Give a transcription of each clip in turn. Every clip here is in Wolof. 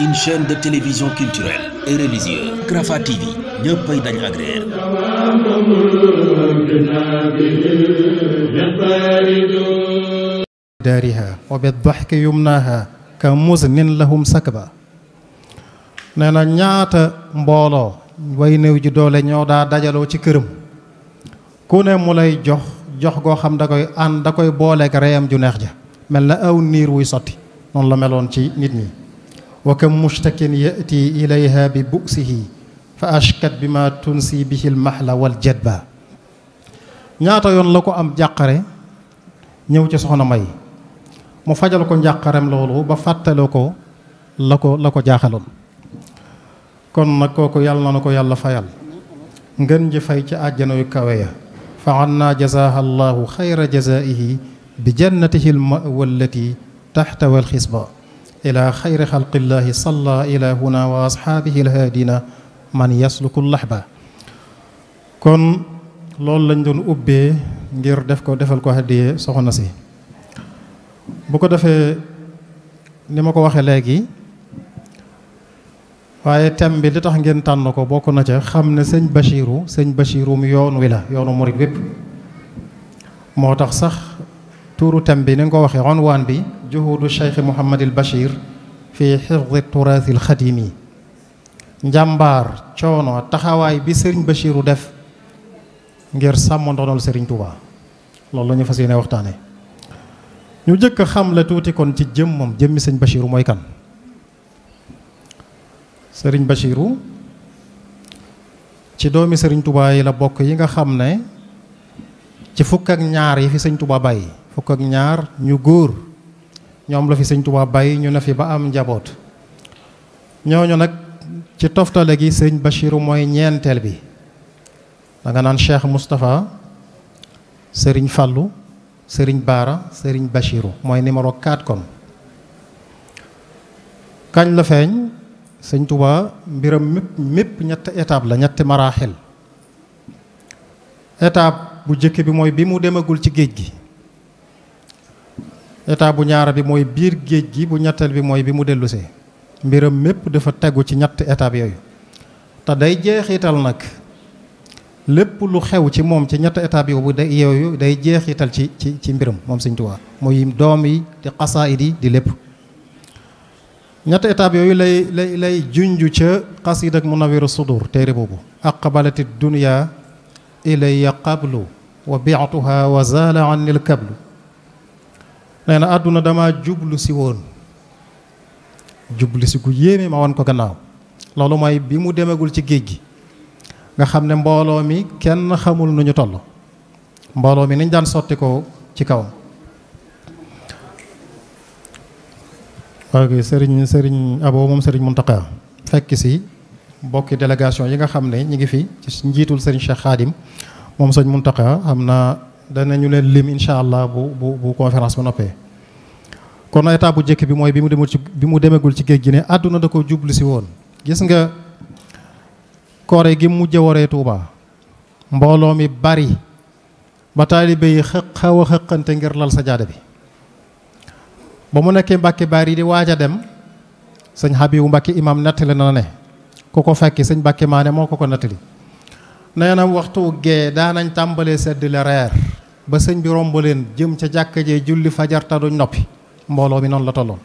une chaîne de télévision culturelle et religieuse Rafah TV ñëppay dañ agréer daariha nee na ñaata mbooloo way néew ji doole ñoo daa dajaloo ci këram ku ne mu lay jox jox goo xam da koy ànd da koy booleek reyam ju neex ja mel na aw niir wuy sotti noonu la meloon ci nit ñi wa kam mushtakin yati ilayha bi buksihi fa ashkat bi ma tunsi bihi mahla wal jadba ñaata yoon la ko am jàqare ñëw ci soxna may mu fajal ko njàqarem loolu ba fàttale ko la ko la ko jaaxaloon kon nag kooku yàlla na ko yàlla fayal ngën ji fay ci àjjana yu kawe ya fa anna jazaaha allahu xayra jazaihi bi jannatihi al mawallati taxtawa xisba إلى خير خلق الله صلى إلى هنا diina الهادينا من يسلك اللحبة kon loolu lañ doon ubbee ngir def ko defal ko soxo na si bu ko defee ni ma ko waxee léegi waaye thème bi li tax ngeen tànn ko bokk na ca xam ne sëñ Bachiru sëñ Bachiru mu yoon wi la yoonu murit wépp moo tax sax tuuru thème bi ni nga ko waxee onwaan bi juhudu cheikh Mouhamadil Bachir fi xifdi turaasil xadimi njàmbaar coono taxawaay bi sëriñ Bachiru def ngir sàmm ndonol sëriñ Touba loolu la ñu fas yéene waxtaane ñu jëkk a xam la tuuti kon ci jëmmam jëmmi sëñ Bachiru mooy kan sëriñ Bachiru ci doomi sëriñ Touba yi la bokk yi nga xam ne ci fukk ak ñaar yi fi sëñ Touba bàyyi fukk ak ñaar ñu góor ñoom la fi sëñ bàyyi ñu ne fi ba am njaboot ñooñu nag ci toftale gi sëñ Bachiru mooy ñeenteel bi danga naan Cheikh Moustapha sëriñ Fallou sëriñ Baara sëriñ Bachiru mooy numéro 4 kon kañ la feeñ sëñ mbiram mépp mépp ñett étape la ñetti maraaxil étape bu jëkk bi mooy bi mu demagul ci géej gi état bu ñaara bi mooy biir géej gi bu ñetteel bi mooy bi mu dellusee mbiram mépp dafa tegu ci ñett étape yooyu te day jeexital nag lépp lu xew ci moom ci ñett étape yooyu day yooyu day jeexital ci ci ci mbiram moom Sëñ Tuubaa muy doom yi di xasaa yi di lépp ñett étape yooyu lay lay lay junj ca xasiid na Munawwiru Sudur téere boobu aqbalati dunya ilaya qablu wa bi'tuha wa zaala anil kablu nee na àdduna dama jublu si woon jublu si ku yéeme ma wan ko gannaaw loolu mooy bi mu demeegul ci géej gi nga xam ne mbooloo mi kenn xamul nu ñu toll mbooloo mi niñ daan sotti ko ci kawam ok sëriñ sëriñ abo moom sëriñ Muntaqa fekk si bokki délégation yi nga xam ne ñu ngi fi ci njiitul sëriñ Cheikh Khadim moom sëriñ Muntaqa xam naa danañu leen lim incha allah bu bu bu conférence ba noppee. kon étape bu njëkk bi mooy bi mu demul ci bi mu demegul ci géej gi ne àdduna da ko jublu woon gis nga kore gi mujj woree Tuuba mbooloo mi bari ba taalibe xëq xaw xëqante ngir lal sa jaada bi ba mu nekkee Mbàkke baar yi di waaj a dem sëñ wu Mbàkke imam nettali na ne ku ko fekki sëñ Mbàkke maa moo ko ko nettali nee na waxtu gee daanañ tàmbalee sedd la reer ba sëñ bi romb leen jëm ca jàkka jee julli fajar ta noppi mbooloo mi noonu la tolloon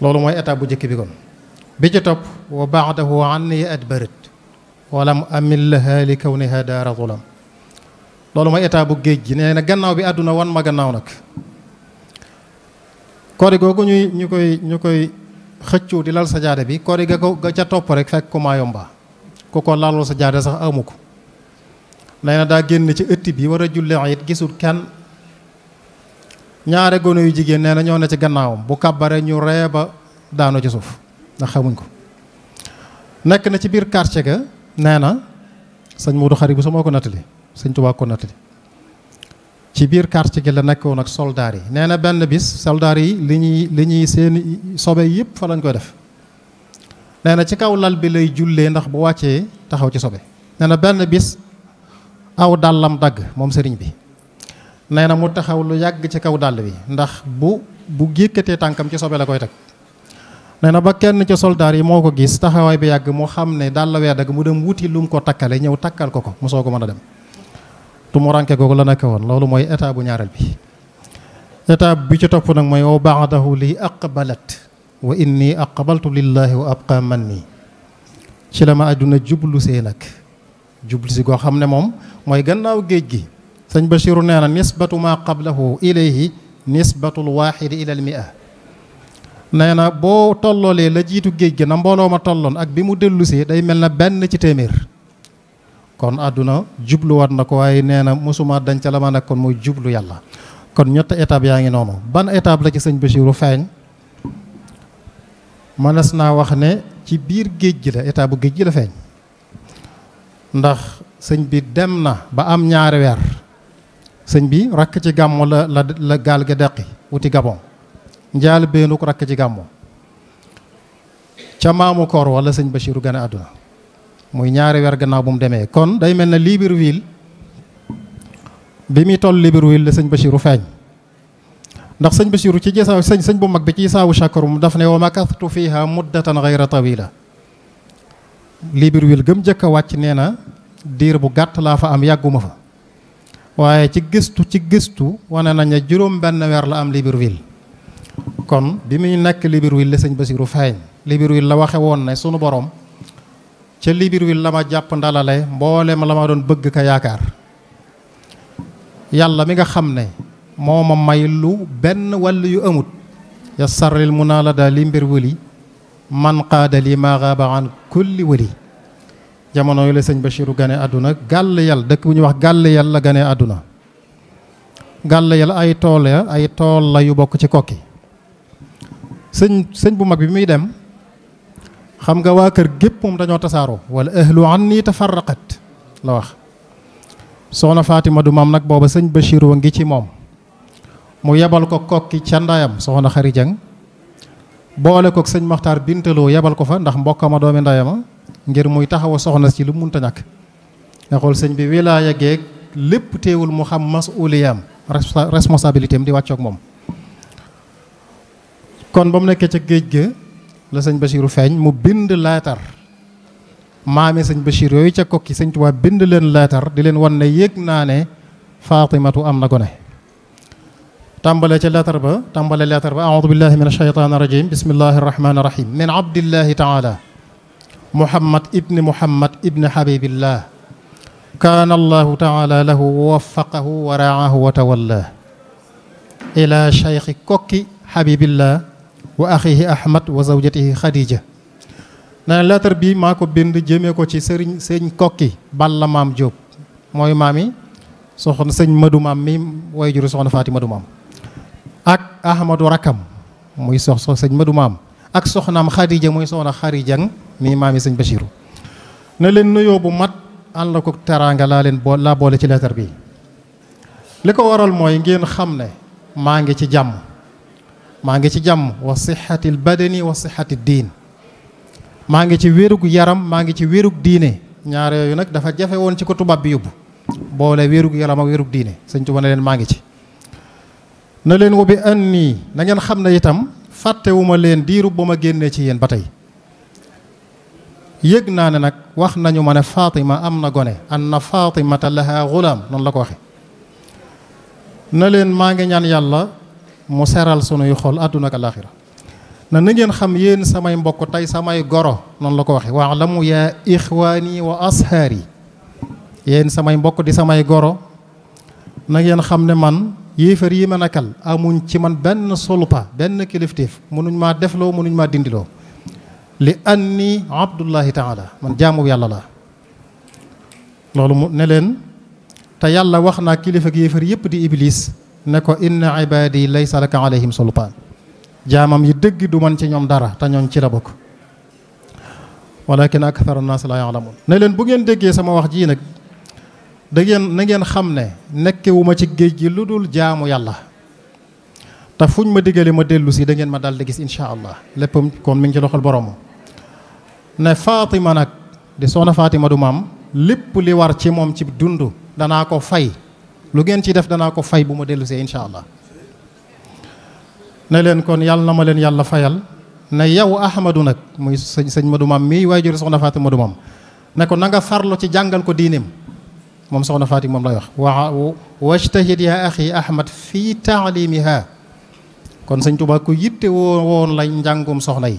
loolu mooy étape bu njëkk bi kon bi ci topp wa baadahu anni adbarat walam amil laha kaw kawniha daara zulam loolu mooy état bu géej gi nee na gannaaw bi àdduna wan ma gannaaw nag koori googu ñuy ñu koy ñu koy xëccoo di lal sa jaade bi koori ga ko ga ca topp rek fekk ku maa yomba ku ko laalul sa jaade sax amu nee na daa génn ci ëtt bi war a julli it gisul kenn ñaare gone yu jigéen nee na ñoo ne ci gannaawam bu kàbbare ñu ree ba daanu ci suuf ndax xamuñ ko nekk na ci biir quartier ga nee na sëñ Modou Khari bu sa ko nattali sëñ Tuubaa ko nattali ci biir quartier gi la nekkoon ak soldaar yi nee na benn bis soldaar yi li ñuy li seen sobe yëpp fa lañ koy def nee na ci kaw lal bi lay jullee ndax bu wàccee taxaw ci sobe nee na benn bis aw dàllam dagg moom sëriñ bi nee na mu taxaw lu yàgg ci kaw dàll bi ndax bu bu géekatee tànkam ci sobe la koy teg nee na ba kenn ci soldaar yi moo ko gis taxawaay bi yàgg mu xam ne dàll wee dagg mu dem wuti lum ko takkale ñëw takkal ko ko mu soo ko mën a dem tumuranke googu la nekk woon loolu mooy état bu ñaareel bi état bi ci topp nag mooy wa baadahu li aqbalat wa inni aqbaltu lillahi wa abqa man nii ci la ma àdduna jublu see nag jublu si xam ne moom mooy gannaaw géej gi sëñ Bachiru nee na nisbatu maa qablahu ilayhi nisbatul waaxidi ilal mi nee na boo tolloolee la jiitu géej gi na mbooloo ma tolloon ak bi mu dellusee day mel na benn ci téeméer kon àdduna jubluwaat na ko waaye nee na mosuma dañ ca la ma kon mooy jublu yàlla kon ñett étape yaa ngi noonu ban étape la ci sëñ Bachiru feeñ mënees naa wax ne ci biir géej gi la étape bu géej gi la feeñ ndax sëñ bi dem na ba am ñaari weer sëñ bi rakk ci gàmmu la la la gaal ga deqi wuti gabon njaal beenu ko rakk ci gàmmu ca maamu koor wala sëñ Bachirou gane àdduna muy ñaari weer gannaaw bu mu demee kon day mel ne Libreville bi muy toll Libreville la sëñ Bachirou feeñ ndax sëñ Bachirou ci jësaaw sëñ sëñ bu mag bi ci saawu chakarum daf ne wa makathtu fiha muddatan ghayra tawila Libreville gëm jëkk wàcc nee na diir bu gàtt laa fa am yàgguma fa waaye ci gëstu ci gëstu wane nañ ne juróom benn weer la am Libreville kon bi muy nekk Libreville la sëñ Basiru feeñ Libreville la waxe woon ne sunu boroom ca Libreville la ma jàpp ndalale mboolem la ma doon bëgg ko yaakaar yàlla mi nga xam ne moo ma may lu benn wàll yu amut ya sarril mu naa la daal li mbir wëli man qaada li ma gaaba wëli jamono yu la sëñ Bachiru gane àdduna gàll yal dëkk bu ñuy wax gàll yal la gane àdduna gàll yal ay tool ya ay tool la yu bokk ci kokki sëñ sëñ bu mag bi muy dem xam nga waa kër gépp moom dañoo tasaaroo wala ahlu anni tafarraqat la wax soxna Fatima du maam nag booba sëñ Bachiru ngi ci moom mu yebal ko kokki ca ndayam soxna xari jang boole ko sëñ Maxtaar Bintaloo yebal ko fa ndax mbokka ma doomi ndayama ngir muy taxaw soxna si lu munta ñàkk nga xool sëñ bi wilaaya geeg lépp téewul mu xam masuuliyaam responsabilité am di wàccoog moom kon ba mu nekkee ca géej ga la sëñ Bachirou feeñ mu bind laatar maame sëñ Bachir yooyu ca kokki sëñ Tuubaa bind leen laatar di leen wan ne yëg naa ne Faatimatu am na gone tàmbale ca laatar ba tàmbale laatar ba aoudu billahi min alsheytan irajim bismillahi arrahmani irrahim min abdillahi taala muhammad ibni muhammad ibni habibillah kaana allahu taala lahu waffaqahu wa raahu wa tawallah ila cheikhi kokki habibillah wa axihi ahmad wa zawjatihi khadija nee na lettre bi maa ko bind jëmee ko ci sëriñ sëñ kokki balla maam Jóob mooy maami soxna sëñ madu maam mi way juru soxna faati madu maam ak ahmadu rakkam muy sox sox sëñ madu maam ak soxnaam khadija muy soxna xarijang mii maami sëñ ba Bachiru na leen nuyoo bu mat ànd ko teraanga laa leen boo laa boole ci leetar bi li ko waral mooy ngeen xam ne maa ngi ci jàmm maa ngi ci jàmm wa sixati l badani wa sixati diin maa ngi ci wérug yaram maa ngi ci wérug diine ñaar yooyu nag dafa jafe woon ci ko tubaab bi yóbbu boole wérug yaram ak wérug diine sëñ Tuubaa ne leen maa ngi ci na leen wo bi an nii na xam ne itam fàttewuma leen diiru ba ma génnee ci yéen ba tey yëg naa ne nag wax nañu ma ne Fatima am na gone na anna Fatimata laha gulaam noonu la ko waxe na leen maa ngi ñaan yàlla mu seral sunuy xol àdduna ak alaaxira na na ngeen xam yéen samay mbokk tey samay goro noonu la ko waxe wa alamu yaa ixwaani wa ashaari yéen samay mbokk di samay goro na ngeen xam ne man yéefar yi ma nekkal amuñ ci man benn sulpa benn kilifteef mënuñ maa defloo mënuñ maa dindiloo li ni abdullahi taala man jaamu yàlla la loolu mu ne leen te yàlla wax naa kilifa gi yéefar yëpp di iblis ne ko inna ibadi laysa laka alayhim sultaan jaamam yi dëgg du man ci ñoom dara te ñoom ci la bokk walakin akthara naas la yaalamun ne leen bu ngeen déggee sama wax jii nag da ngeen na ngeen xam ne nekkewu ma ci géej gi lu dul jaamu yàlla te fuñ ma digale ma dellu si da ngeen ma dal di gis incha allah léppam kon mi ngi ci loxol boromam ne Fatima nag di soxna Fatima du maam lépp li war ci moom ci dund danaa ko fay lu ngeen ci def danaa ko fay bu ma dellusee incha allah ne leen kon yàlla na ma leen yàlla fayal ne yow Ahmadou nag muy sëñ sëñ Madou Mam mii waaye soxna Fatima Madou Mam ne ko nanga nga farlu ci jàngal ko diineem moom soxna Fatima moom lay wax wa wajtahid ya axi Ahmad fii taalimiha kon sëñ Tuubaa ku yitte woo woon lañ njàngum soxna yi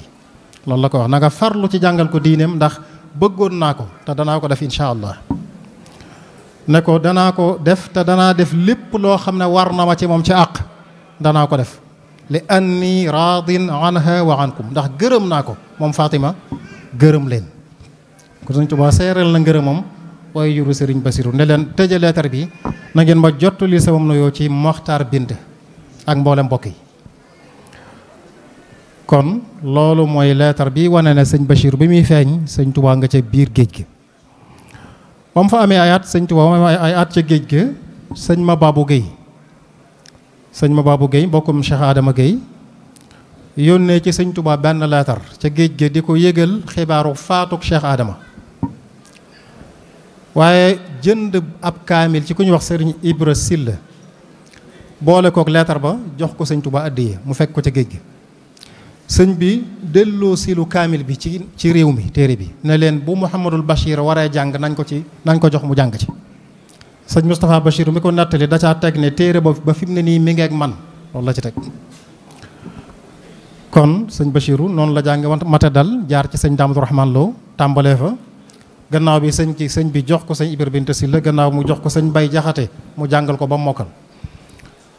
loolu la ko wax na nga farlu ci jàngal ko diineem ndax bëggoon naa ko te danaa ko def incha allah ne ko danaa ko def te danaa def lépp loo xam ne war na ma ci moom ci àq danaa ko def li anni raadin anha wa ndax gërëm naa ko moom Fatima gërëm leen ko Sëriñ Tuubaa seereel na ngërëmam waaye yuru Sëriñ Basiru ne leen tëje leetar bi na ngeen ma jottali sama nuyoo ci Moxtaar Bind ak mboole mbokk yi kon loolu mooy leetar bi wane na sëñ Bachir bi muy feeñ sëñ Touba nga ca biir géej gi ba mu fa amee ay at sëñ Touba moom ay at ca géej gi sëñ Mababou Guèye sëñ Mababou Guèye mbokkum Cheikh géey Guèye yónnee ci sëñ Touba benn leetar ca géej gi di ko yëgal xibaaru faatuk Cheikh Adama waaye jënd ab kaamil ci ku ñuy wax sëriñ Ibra Silla boole kook leetar ba jox ko sëñ Touba addiye mu fekk ko ca géej gi sëñ bi delloo silu lu kaamil bi ci ci réew mi téere bi ne leen bu Mouhamadul Bachir waree jàng nañ ko ci nañ ko jox mu jàng ci. sëñ Moustapha Bachir mi ko nattali da caa teg ne téere ba ba fi mu ne nii mi ngi man loolu la ci teg. kon sëñ Bachiru noonu la jàng mate dal jaar ci sëñ Daamatu Rahmaan tàmbalee fa gannaaw bi sëñ ci sëñ bi jox ko sëñ Ibra Binta Sylla gannaaw mu jox ko sëñ Bay Jaxate mu jàngal ko ba mokkal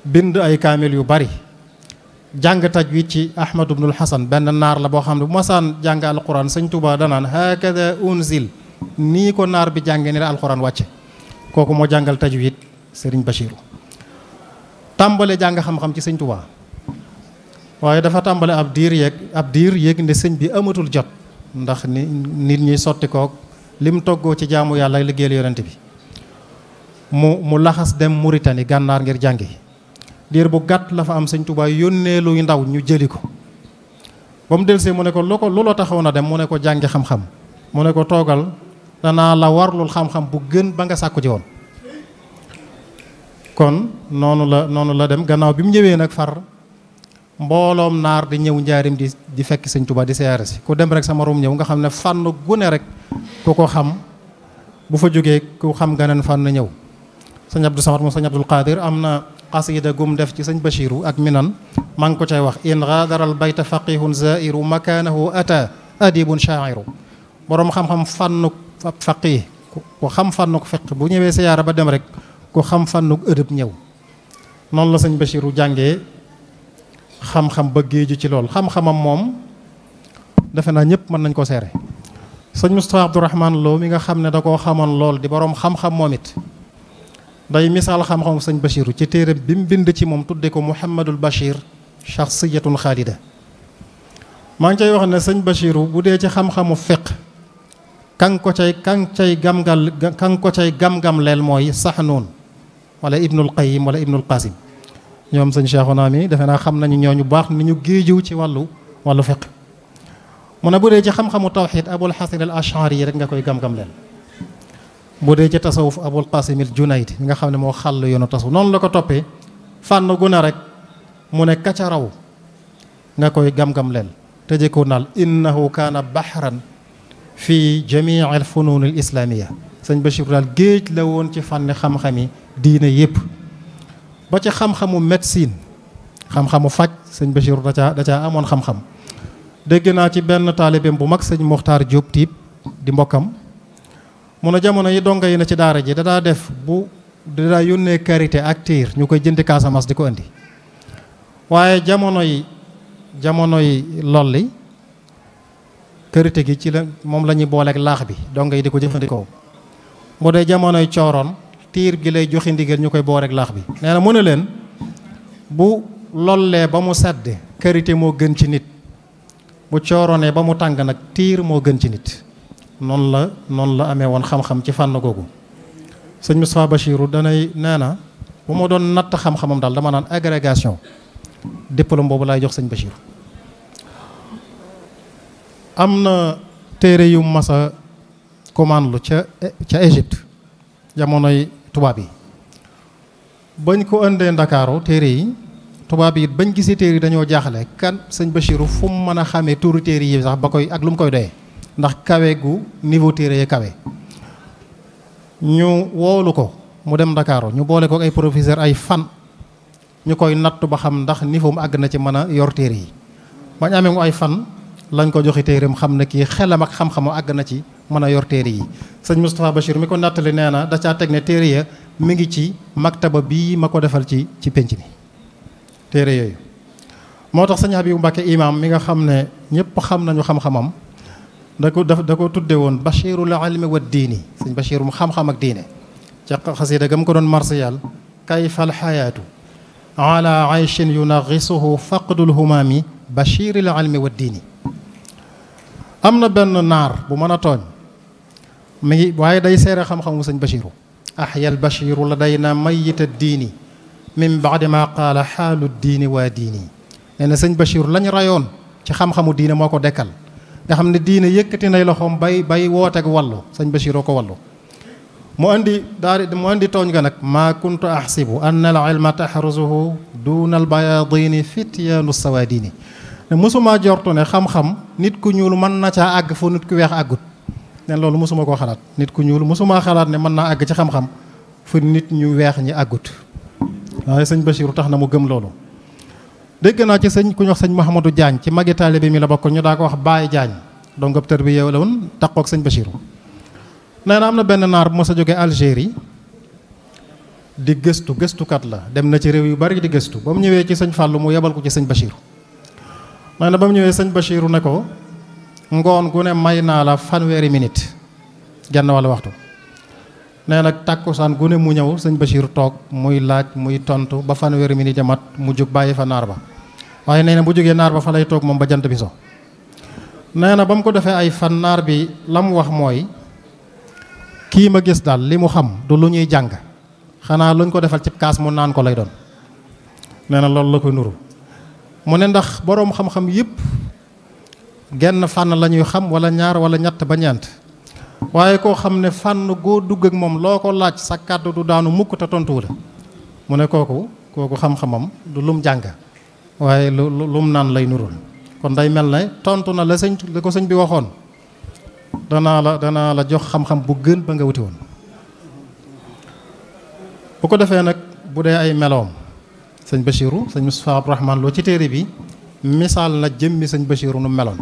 bind ay kaamil yu bari. jàng tajwid ci ahmad ibnul hasan benn naar la boo xam ne bu masaan jàng alquran sëñ Tuuba danaan hakada unzil nii ko naar bi jàngee ne la alquran wàcce kooku moo jàngal tajwid sëriñ Bachiru tàmbale jàng xam-xam ci sëñ Tuuba waaye dafa tàmbale ab diir yéeg ab diir yéeg ne sëñ bi amatul jot ndax ni nit ñi sotti koog lim toggoo ci jaamu yàlla liggéeyal yonent bi mu mu laxas dem Muritani gànnaar ngir jàngi diir bu gàtt la fa am sëñ Tuubaa yónnee luy ndaw ñu jëli ko ba mu delsee mu ne ko lu ko lu la taxawoon a dem mu ne ko jàngi xam-xam mu ne ko toogal danaa la warlul xam-xam bu gën ba nga sàkku ci woon kon noonu la noonu la dem gannaaw bi mu ñëwee nag far mbooloom naar di ñëw njaarim di di fekk sëñ Tuubaa di siyaare si ku dem rek sama rom ñëw nga xam ne fànn gune rek ku ko xam bu fa jógee ku xam ganeen fànn ñëw sëñ Abdou Samad moom sëñ Abdul Qadir am xasida gum def ci sañ Bachiru ak minan maa ngi ko cay wax in gaadaral bayta faqihun zairu makanahu ata adibun shairu boroom xam-xam fànnuk faqih ku xam fànnuk fiq bu ñëwee siyaara ba dem rek ku xam fànnuk ëdëb la sëñ Bachiru jàngee xam ba géeju ci lool xam-xamam moom defe naa ñëpp mën nañ ko seere sëñ Moustapha Abdourahman Lo mi nga xam ne da koo xamoon lool di boroom xam-xam moom it day misaal xam-xam sëñ Bachiru ci téere bi mu bind ci moom tudde ko Mouhamadul Bachir shaxsiyatun xaalida maa ngi cay wax ne sëñ Bachiru bu dee ci xam-xamu feq kan ko cay kan cay gamgal kan cay gam-gam leel mooy Saxnuun wala Ibnul Qayyim wala Ibnul Qasim ñoom sëñ Cheikhouna mi defe naa xam nañu ñooñu baax ni ñu géejiw ci wàllu wàllu feq mu ne bu dee ci xam-xamu tawxiid Abul Xasan al yi rek nga koy gam leel bu dee ci tasawuf abul qasim al mi nga xam ne moo xàll yoonu tasawuf noonu la ko toppee fànn gu ne mu ne kaca raw nga koy gam-gam leen tëje ko naal innahu kaana bahran fi jamii al funuun islaamiya sëñ Bachir daal géej la woon ci fànn xam-xami diine yépp ba ci xam-xamu médecine xam-xamu faj sëñ Bachir da caa amoon xam-xam dégg naa ci benn taalibeem bu mag sañ Mokhtar Diop Tiib di mbokkam mu ne jamono yi donga yi na ci daara ji dadaa def bu dadaa yónnee karité ak tiir ñu koy jëndi Casamance di ko indi waaye jamono yi jamono yi lolli karité gi ci la moom la ñuy booleeg laax bi donga yi di ko jëfandikoo mu dee jamonoy cooroon tiir gi lay joxe ndigal ñu koy booleeg laax bi nee na mu ne leen bu lollee ba mu sedd karité moo gën ci nit bu cooroonee ba mu tàng nag tiir moo gën ci nit noonu la noonu la amee woon xam-xam ci fànn googu sëñ Moustapha Bachiru danay nee na bu ma doon natt xam-xamam daal dama naan agrégation diplôme boobu laay jox sëñ Bachir am na téere yu masa commande lu ca ca Égypte jamonoy tubaab yi bañ ko indee ndakaaru téere yi tubaab yi it bañ gisee téere yi dañoo jaaxle kan sëñ Bachir fu mu mën a xamee tuuru téere yi sax ba koy ak lu mu koy doyee ndax kawe gu niveau téere ya kawe ñu woolu ko mu dem ndakaaru ñu boole ko ay professeur ay fan ñu koy natt ba xam ndax niveau àgg na ci mën a yor téere yi bañ amee mu ay fan lañ ko joxe téere mu xam ne kii xelam ak xam-xamu àgg na ci mën a yor téere yi sëñ Moustapha Bachir mi ko nattali nee na da caa teg ne téere ya mi ngi ci maktaba bii ma ko defal ci ci pénc mi téere yooyu moo tax sëñ Habib Mbacke imam mi nga xam ne ñëpp xam nañu xam da ko da ko tudde woon bachirul almi wa diini sëñ bachir mu xam-xam ak diine ca xasida gam ko doon marsiyal kayfa alxayaatu ala ayshin yunaxisuhu faqdul humaami bachiril na benn naar bu mën a tooñ waaye day seere xam-xamu sëñ bachiru axyal bachiru la day na mayita diini min baadi ma qaala xaalu diini waa diini nee na sëñ bachiru lañ ci xam-xamu diine moo ko dekkal nga xam ne diine yëkkati nay loxoom bay bay wooteeg wallu sëñ Bachiroo ko wallu mu indi daal mu indi tooñ ga nag maa kuntu ahsibu anna al ilma tahrusuhu duna al bayadini fityaanu sawadini ne mosuma jortu ne xam-xam nit ku ñuul mën na ca àgg fu nit ku weex àggut ne loolu mësuma koo xalaat nit ku ñuul mosuma xalaat ne mën naa àgg ci xam-xam fu nit ñu weex ñi àggut waaye sëñ Bachirou tax na mu gëm loolu dégg naa ci sëñ ku ñox wax sëñ Mouhamadou Diagne ci magi taalibe mi la bokkoon ñu daa ko wax Baye jaañ donc ab tër bi yeew la woon taqoo ak sëñ Bachirou nee na am na benn naar bu mos a jógee Algérie di gëstu gëstukat la dem na ci réew yu bari di gëstu ba mu ñëwee ci sëñ Fallou mu yebal ko ci sëñ Bachirou nee na ba mu ñëwee sëñ Bachirou ne ko ngoon gu may naa la fanweeri minit genn wàllu waxtu nee nag tàkkusaan gu ne mu ñëw sëñ Bachir toog muy laaj muy tontu ba fanweeri minute mat mu jóg bàyyi fa naar ba waaye nee na bu jógee naar ba fa lay toog moom ba jant bi so nee na ba mu ko defee ay fan naar bi la mu wax mooy kii ma gis daal li mu xam du lu ñuy jàng xanaa luñ ko defal ci kaas mu naan ko lay doon nee na loolu la ko nuru mu ne ndax boroom xam-xam yëpp genn fànn lañuy xam wala ñaar wala ñett ba ñeent waaye koo xam ne fànn goo dugg ak moom loo ko laaj sa kàddu du daanu mukk te tontuwu la mu ne kooku kooku xam-xamam du lum jàng waaye lu lu mu naan lay nurul kon day mel na tontu na la sëñ la ko sëñ bi waxoon danaa la danaa la jox xam-xam bu gën ba nga wuti woon bu ko defee nag bu dee ay meloom sëñ Bachiru sëñ Moustapha Abdourahmane Lo ci téere bi misaal na jëmmi sëñ Bachiru nu meloon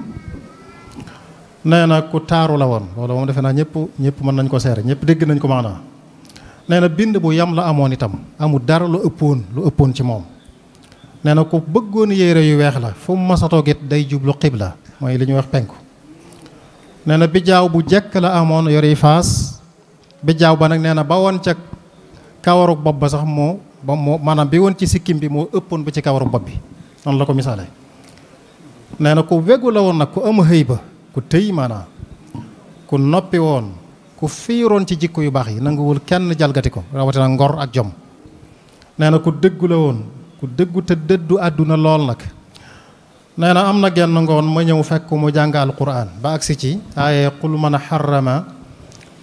nee na ku taaru la woon loolu moom defe naa ñëpp ñëpp mën nañ ko seere ñëpp dégg nañ ko maanaa nee na bind bu yam la amoon itam amul dara lu ëppoon lu ëppoon ci moom nee na ko bëggoon yére yu weex la fu mu masatoo git day jublu xibla mooy li ñuy wax penku nee na bijaaw bu jekk la amoon yori faas bijaaw ba nag nee na ba woon ca kawarug bopp ba sax moo ba moo maanaam bi woon ci sikkim bi moo ëppoon ba ci kawarug bopp bi noonu la ko misaale nee na ku wegu la woon nag ku am xëy ba ku tëy maanaam ku noppi woon ku fiiroon ci jikko yu baax yi nanguwul kenn jalgati ko rawatina ngor ak jom nee na ko déggu la woon ku dëggu te dëddu àdduna lool nag nee na am na genn ngoon ma ñëw fekk mu jàng alquran ba agsi ci aaye qul man xarama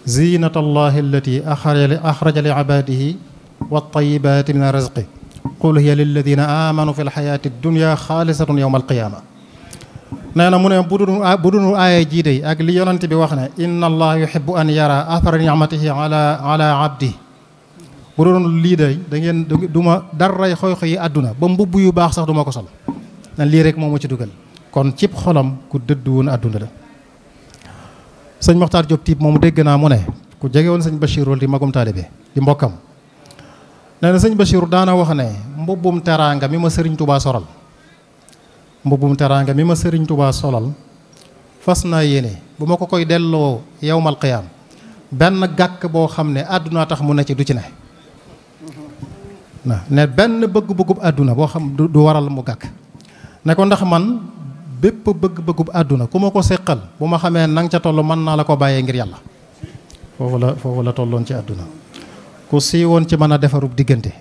zinata allahi allati axraja li ibaadihi wattayibaati min rizqi qul hiya lilladina amanu fi lxayaati dunia xaalisatun yowma alqiyaama nee na mu ne bu dunu bu dunu aaye jii dey ak li yonent bi wax ne inna allah yuhibu an yara athara nicmatihi ala ala abdi bu doon lii day da ngeen du ma daray xoy-xoy àdduna ba mbubb yu baax sax du ma ko sol nan lii rek moom ma ci dugal kon cib xolam ku dëdd woon àdduna la sëñ Moxtaar Diop tiib moom dégg naa mu ne ku jege woon sëñ Bachir wala di magum taalibe di mbokkam nee na sëñ daana wax ne mbubbum teraanga mi ma sëriñ tubaa soral mbubbum teraanga mi ma sëriñ tubaa solal fas naa yéene bu ma ko koy delloo yow qiyaam benn gàkk boo xam ne àddunaa tax mu ne ci ci ne ne benn bëgg-bëggub àdduna boo xam du waral mu gàkk ne ko ndax man bépp bëgg-bëggub àdduna ku ma ko séqal bu ma xamee nang ca toll man naa la ko bàyyee ngir yàlla foofu la foofu la tolloon ci àdduna ku sii woon ci man a defarub diggante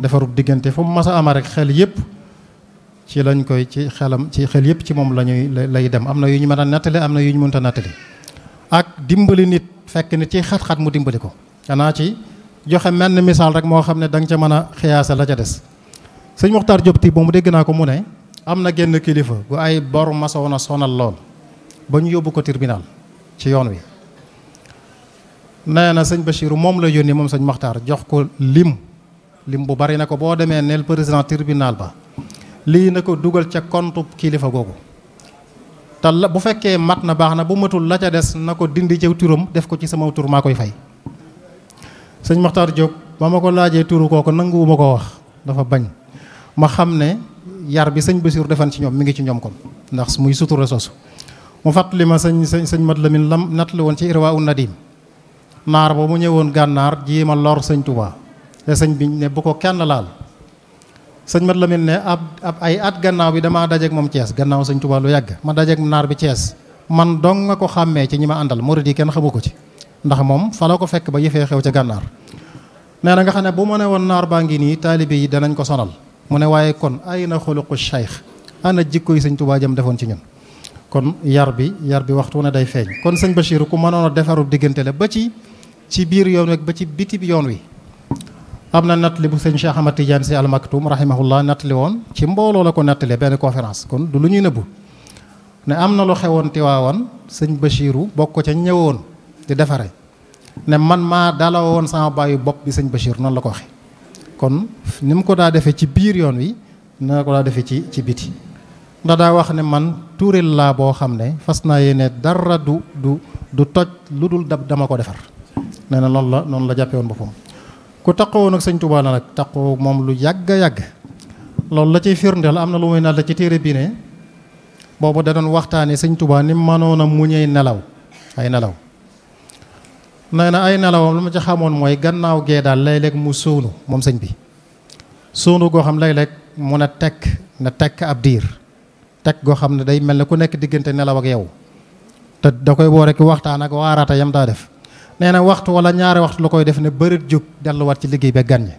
defarub diggante fu mu mas a ama rek xel yëpp ci lañ koy ci xelam ci xel yëpp ci moom la ñuy lay dem am na yu ñu mën a nattali am na yu ñu mënta nattali ak dimbali nit fekk nit ci xat-xat mu dimbali ko xanaa ci joxe menn misaal rek moo xam ne da nga ca mën a xiyaasa la ca des sëñ Muxtaar Jóob ti ba mu dégg naa ko mu ne am na genn kilifa gu ay bor masoon a sonal lool ba ñu yóbbu ko tribunal ci yoon wi nee na sëñ Bachiru moom la yónni moom sëñ Muxtaar jox ko lim lim bu bari na ko boo demee neel président tribunal ba lii na ko dugal ca kontu kilifa googu te la bu fekkee mat na baax na bu matul la ca des na ko dindi ca turam def ko ci sama tur maa koy fay sëñ Maxtaar jóg ba ma ko laajee turu kooku nanguwu ma koo wax dafa bañ ma xam ne yar bi sëñ Bassirou defan ci ñoom mi ngi ci ñoom kon ndax muy sutura sosu mu fàttali ma sëñ sëñ sëñ Mat Lamin lam nattali woon ci Irwa un Nadim naar ba mu ñëwoon gànnaar jéem ma lor sëñ Touba te sëñ bi ne bu ko kenn laal sëñ Mat Lamin ne ab ab ay at gannaaw bi damaa dajeeg moom cees gannaaw sëñ Touba lu yàgg ma dajeeg naar bi cees man dong nga ko xàmmee ci ñi ma àndal murid yi kenn xamu ko ci. ndax moom fa ko fekk ba yëfee xew ci gànnaar nee na nga xam ne bu mu ne woon naar baa ngi nii taalibe yi danañ ko sonal mu ne waaye kon ay na xuluqu shaykh ana jikko yi sëñ Tuubaa defoon ci ñun kon yar bi yar bi waxtu ne day feeñ kon sëñ Bachir ku mënoon a defaru diggante la ba ci ci biir yoon wi ba ci biti yoon wi am na nattali bu sëñ Cheikh Ahmad Tidiane si almaktum rahimahullah nattali woon ci mbooloo la ko nattalee benn conférence kon du ñuy nëbbu ne am na lu xewoon Tiwaawan sëñ Bachiru bokk ca ñëwoon di defare ne man maa dala woon sama bàyyi bopp bi sëñ Bachir noonu la ko waxe kon ni mu ko daa defee ci biir yoon wi na ko daa defee ci ci biti ndax daa wax ne man tuuril laa boo xam ne fas naa yéene dara du du du toj lu dul dab dama ko defar nee na loolu la noonu la jàppee woon boppam ku taqoo nag sëñ Tuubaa la nag taqoo moom lu yàgg a yàgg loolu la ciy firndeel am na lu muy naan la ci téere bi ne boobu da doon waxtaane sëñ Tuubaa ni mënoon a nelaw ay nelaw nee na ay nelawam ma ci xamoon mooy gannaaw gee daal léeg-léeg mu sóonu moom sëñ bi sóonu goo xam léeg-léeg mu ne tekk ne tekk ab diir tekk goo xam ne day mel ne ku nekk diggante nelaw yow te koy boore ki waxtaan ak waaraata yam daa def nee na waxtu ñaari waxtu la koy def ne bërit jóg delluwaat ci liggéey ba gan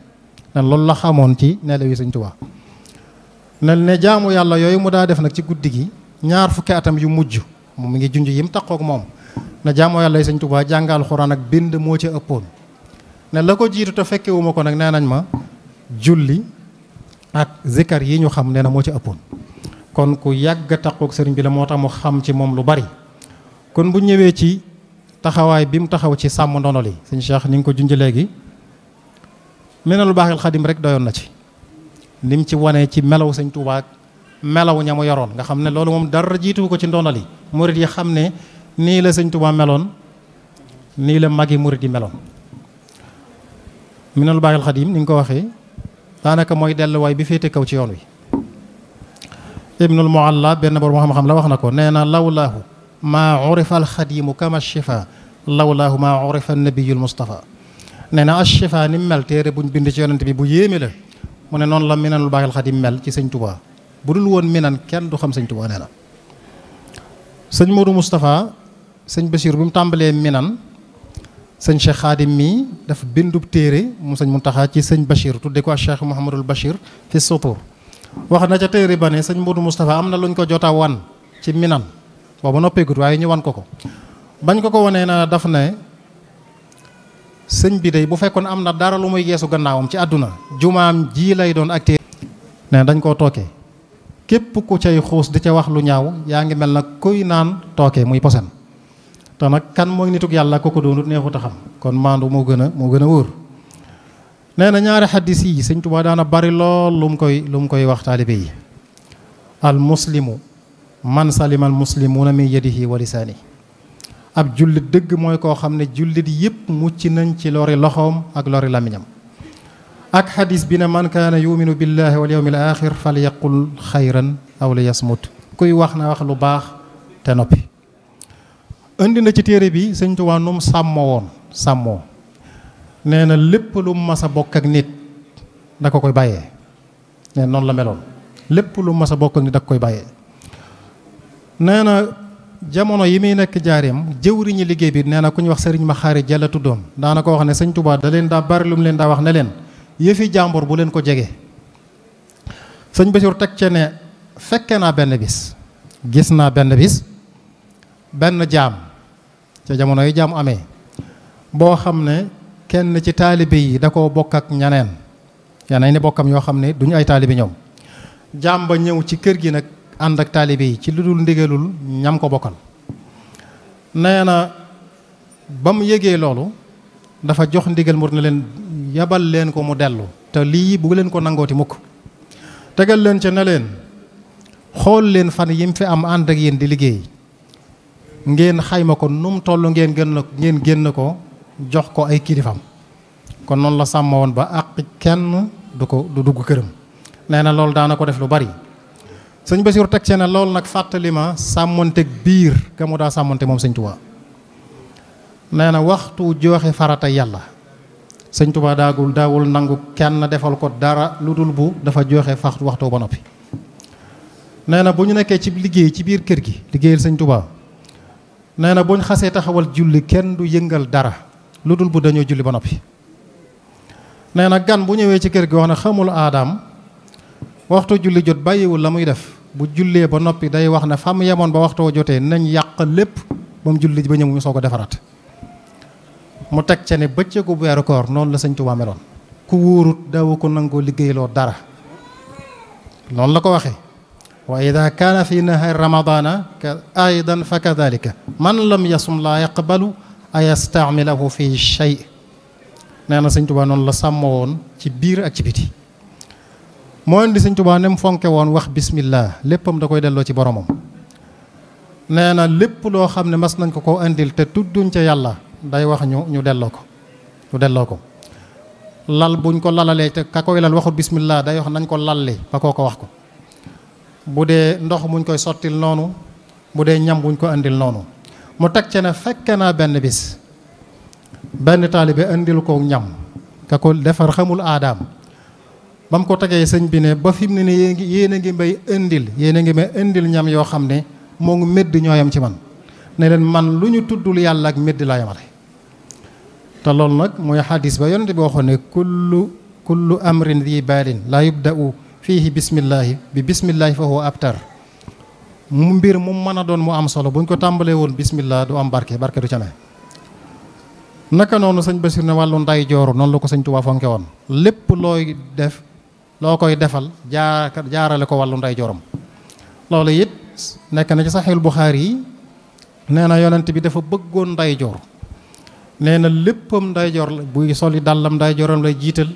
loolu la xamoon ci nelaw yi sëñ Tuubaa ne ne jaamu yàlla yooyu mu daa def nag ci guddi gi ñaar fukki atam yu mujj moom mi ngi junj yim taqoog moom na jaamoo yàlla yi sëñ Tuubaa jàngal xuraan ak bind moo ci ëppoon ne la ko jiitu te fekkewuma ko nag nee nañ ma julli ak zikar yi ñu xam nee na moo ci ëppoon kon ku yàgg a taqoog sëriñ bi la moo tax mu xam ci moom lu bari kon bu ñëwee ci taxawaay bi mu taxaw ci sàmm ndono li sëñ Cheikh ni nga ko junj léegi menelu baaxil xadim rek doyoon na ci lim ci wane ci melaw sëñ Tuubaa melaw ña mu yoroon nga xam ne loolu moom dara jiitu ko ci ndono li nii la sëñ Tuubaa meloon nii la magi murit yi meloon minal baaxil xadim ni nga ko waxee daanaka mooy delluwaay bi féete kaw ci yoon wi ibnul mualla benn borom xam-xam la wax na ko nee na lawlaahu maa urifa alxadimu kama shifa lawlaahu maa urifa nabiyul mustafa nee na ashifa ni mel téere buñ bind ci yonent bi bu yéeme la mu ne noonu la minanul baaxil xadim mel ci sëñ Tuubaa bu dul woon minan kenn du xam sëñ Tuubaa nee sëñ Modou Moustapha sëñ Bachir bi mu tàmbalee Minan sëñ Cheikh Khadim mii dafa bindub téere mu sëñ mu Mountakha ci sëñ Bachir tudde ko Cheikh Mouhamadul Bachir fi sutur wax na ca téere ba ne sëñ Modou Moustapha am na luñ ko jota wan ci Minan booba noppeegut waaye ñu wan ko ko bañ ko ko wanee na daf ne sëñ bi dey bu fekkoon am na dara lu muy geesu gannaawam ci àdduna jumaam ji lay doon ak téere ne dañ koo tooke képp ku cay xuus di ca wax lu ñaaw yaa ngi mel na kuy naan tooke muy posen te nag kan mooy nituk yàlla ko ko doonut neexut a kon maandu moo gën a moo gën a wóor nee na ñaari xaddis yi sëñ Tuubaa daana bari lool lu koy lu mu koy wax taalibe yi al muslimu man salima al muslimuuna ab jullit dëgg mooy koo xam ne jullit yëpp mucc nañ ci lori loxoom ak lori lamiñam ak xadis bi ne man kaana yuminu billahi wal yawmil axir fal yaqul xayran aw li yasmut kuy wax na wax lu baax te noppi indi na ci téere bi sëñ Tuubaa num sàmmo woon sàmmoo nee na lépp lu mas bokk ak nit da ko koy bàyyee nee noonu la meloon lépp lu masa bokk ak nit da ko koy bàyyee nee na jamono yi muy nekk jaareem jëwriñu liggéey bi nee na ku ñu wax sëriñ ma xaari jalla tuddoon daana ko wax ne sëñ Tuubaa da leen daa bari lu mu leen daa wax ne leen yëfi jàmbur bu leen ko jege sëñ Basiru teg ce ne fekkee naa benn bis gis naa benn bis benn jaam ca jamono yi amee boo xam ne kenn ci taalibe yi da koo bokk ak ñaneen yanañ ni bokkam yoo xam ne duñu ay taalibe ñoom jaam ba ñëw ci kër gi nag ànd ak taalibe yi ci lu dul ndigalul ñam ko bokkal nee na ba mu yëgee loolu dafa jox ndigal mu na leen yabal leen ko mu dellu te lii bu leen ko nangooti mukk tegal leen ca ne leen xool leen fan yim fi am ànd ak yéen di liggéey ngeen xayma ko nu mu toll ngeen gën na ngeen génn ko jox ko ay kilifam kon noonu la sàmm woon ba àq kenn du ko du dugg këram nee na loolu daana ko def lu bari sëñ Basiru teg see ne loolu nag fàttali ma sàmmonteeg biir ka mu daa sàmmonte moom sëñ Tuubaa nee na waxtu joxe farata yàlla sëñ tubaa daagul daawul nangu kenn defal ko dara lu dul bu dafa joxe fax waxtu ba noppi nee na bu ñu nekkee ci liggéey ci biir kër gi liggéeyal sëñ tubaa nee na bu ñu xasee taxawal julli kenn du yëngal dara lu dul bu dañoo julli ba noppi nee na gan bu ñëwee ci kër gi wax ne xamul aadaam waxtu julli jot bàyyiwul la muy def bu jullee ba noppi day wax ne fam yemoon ba waxtoo jotee nañ yàq lépp ba mu julli ba ñëw mu soo ko defaraat mu teg ca ne bëccëgu weeru koor noonu la sëñ Tuubaa meloon ku wóorut daawu ko nangoo liggéeyloo dara noonu la ko waxee wa ida kaana fi nahari ramadana aidan fa kadalika man lam yasum laa yaqbalu a yastaamilahu fi shay nee na sëñ tubaa noonu la sàmm woon ci biir ak ci biti moo indi sëñ tubaa mu fonke woon wax bismillah léppam da koy delloo ci boromam nee na lépp doo xam ne mas nañ ko koo indil te tudduñ ca yàlla day wax ñu ñu delloo ko ñu delloo ko lal buñ ko lalalee te ka koy lal waxut bismillah day wax nañ ko lalle ba koo ko wax ko bu dee ndox muñ koy sottil noonu bu dee ñam buñ ko andil noonu mu teg ci ne fekke naa benn bis benn taalibe indil ko ñam ka ko defar xamul aadaam ba mu ko tegee sëñ bi ne ba fi mu ne ni yéen ngi yéen a ngi may indil yéen a ngi may indil ñam yoo xam ne moo ngi médd ñooyam ci man ne leen man lu ñu tuddul yàlla ak médd laa yamale te loolu nag mooy xadis ba yonent bi waxoon ne kullu kullu amrin di baalin laa yubda'u fiihi bismillaahi bi bismillaahi fa huwa abtar mu mbir mu mën a doon mu am solo buñ ko tàmbalee woon bismillah du am barke barke du ca ne naka noonu sëñ Basiir ne wàllu nday jooru noonu la ko sëñ Tuubaa fonke woon lépp looy def loo koy defal jaar jaarale ko wàllu nday am loolu it nekk na ci Saxiihul Buxaari yi nee na yonent bi dafa bëggoon nday joor nee na léppam nday joor la buy soli dàllam nday jooram lay jiital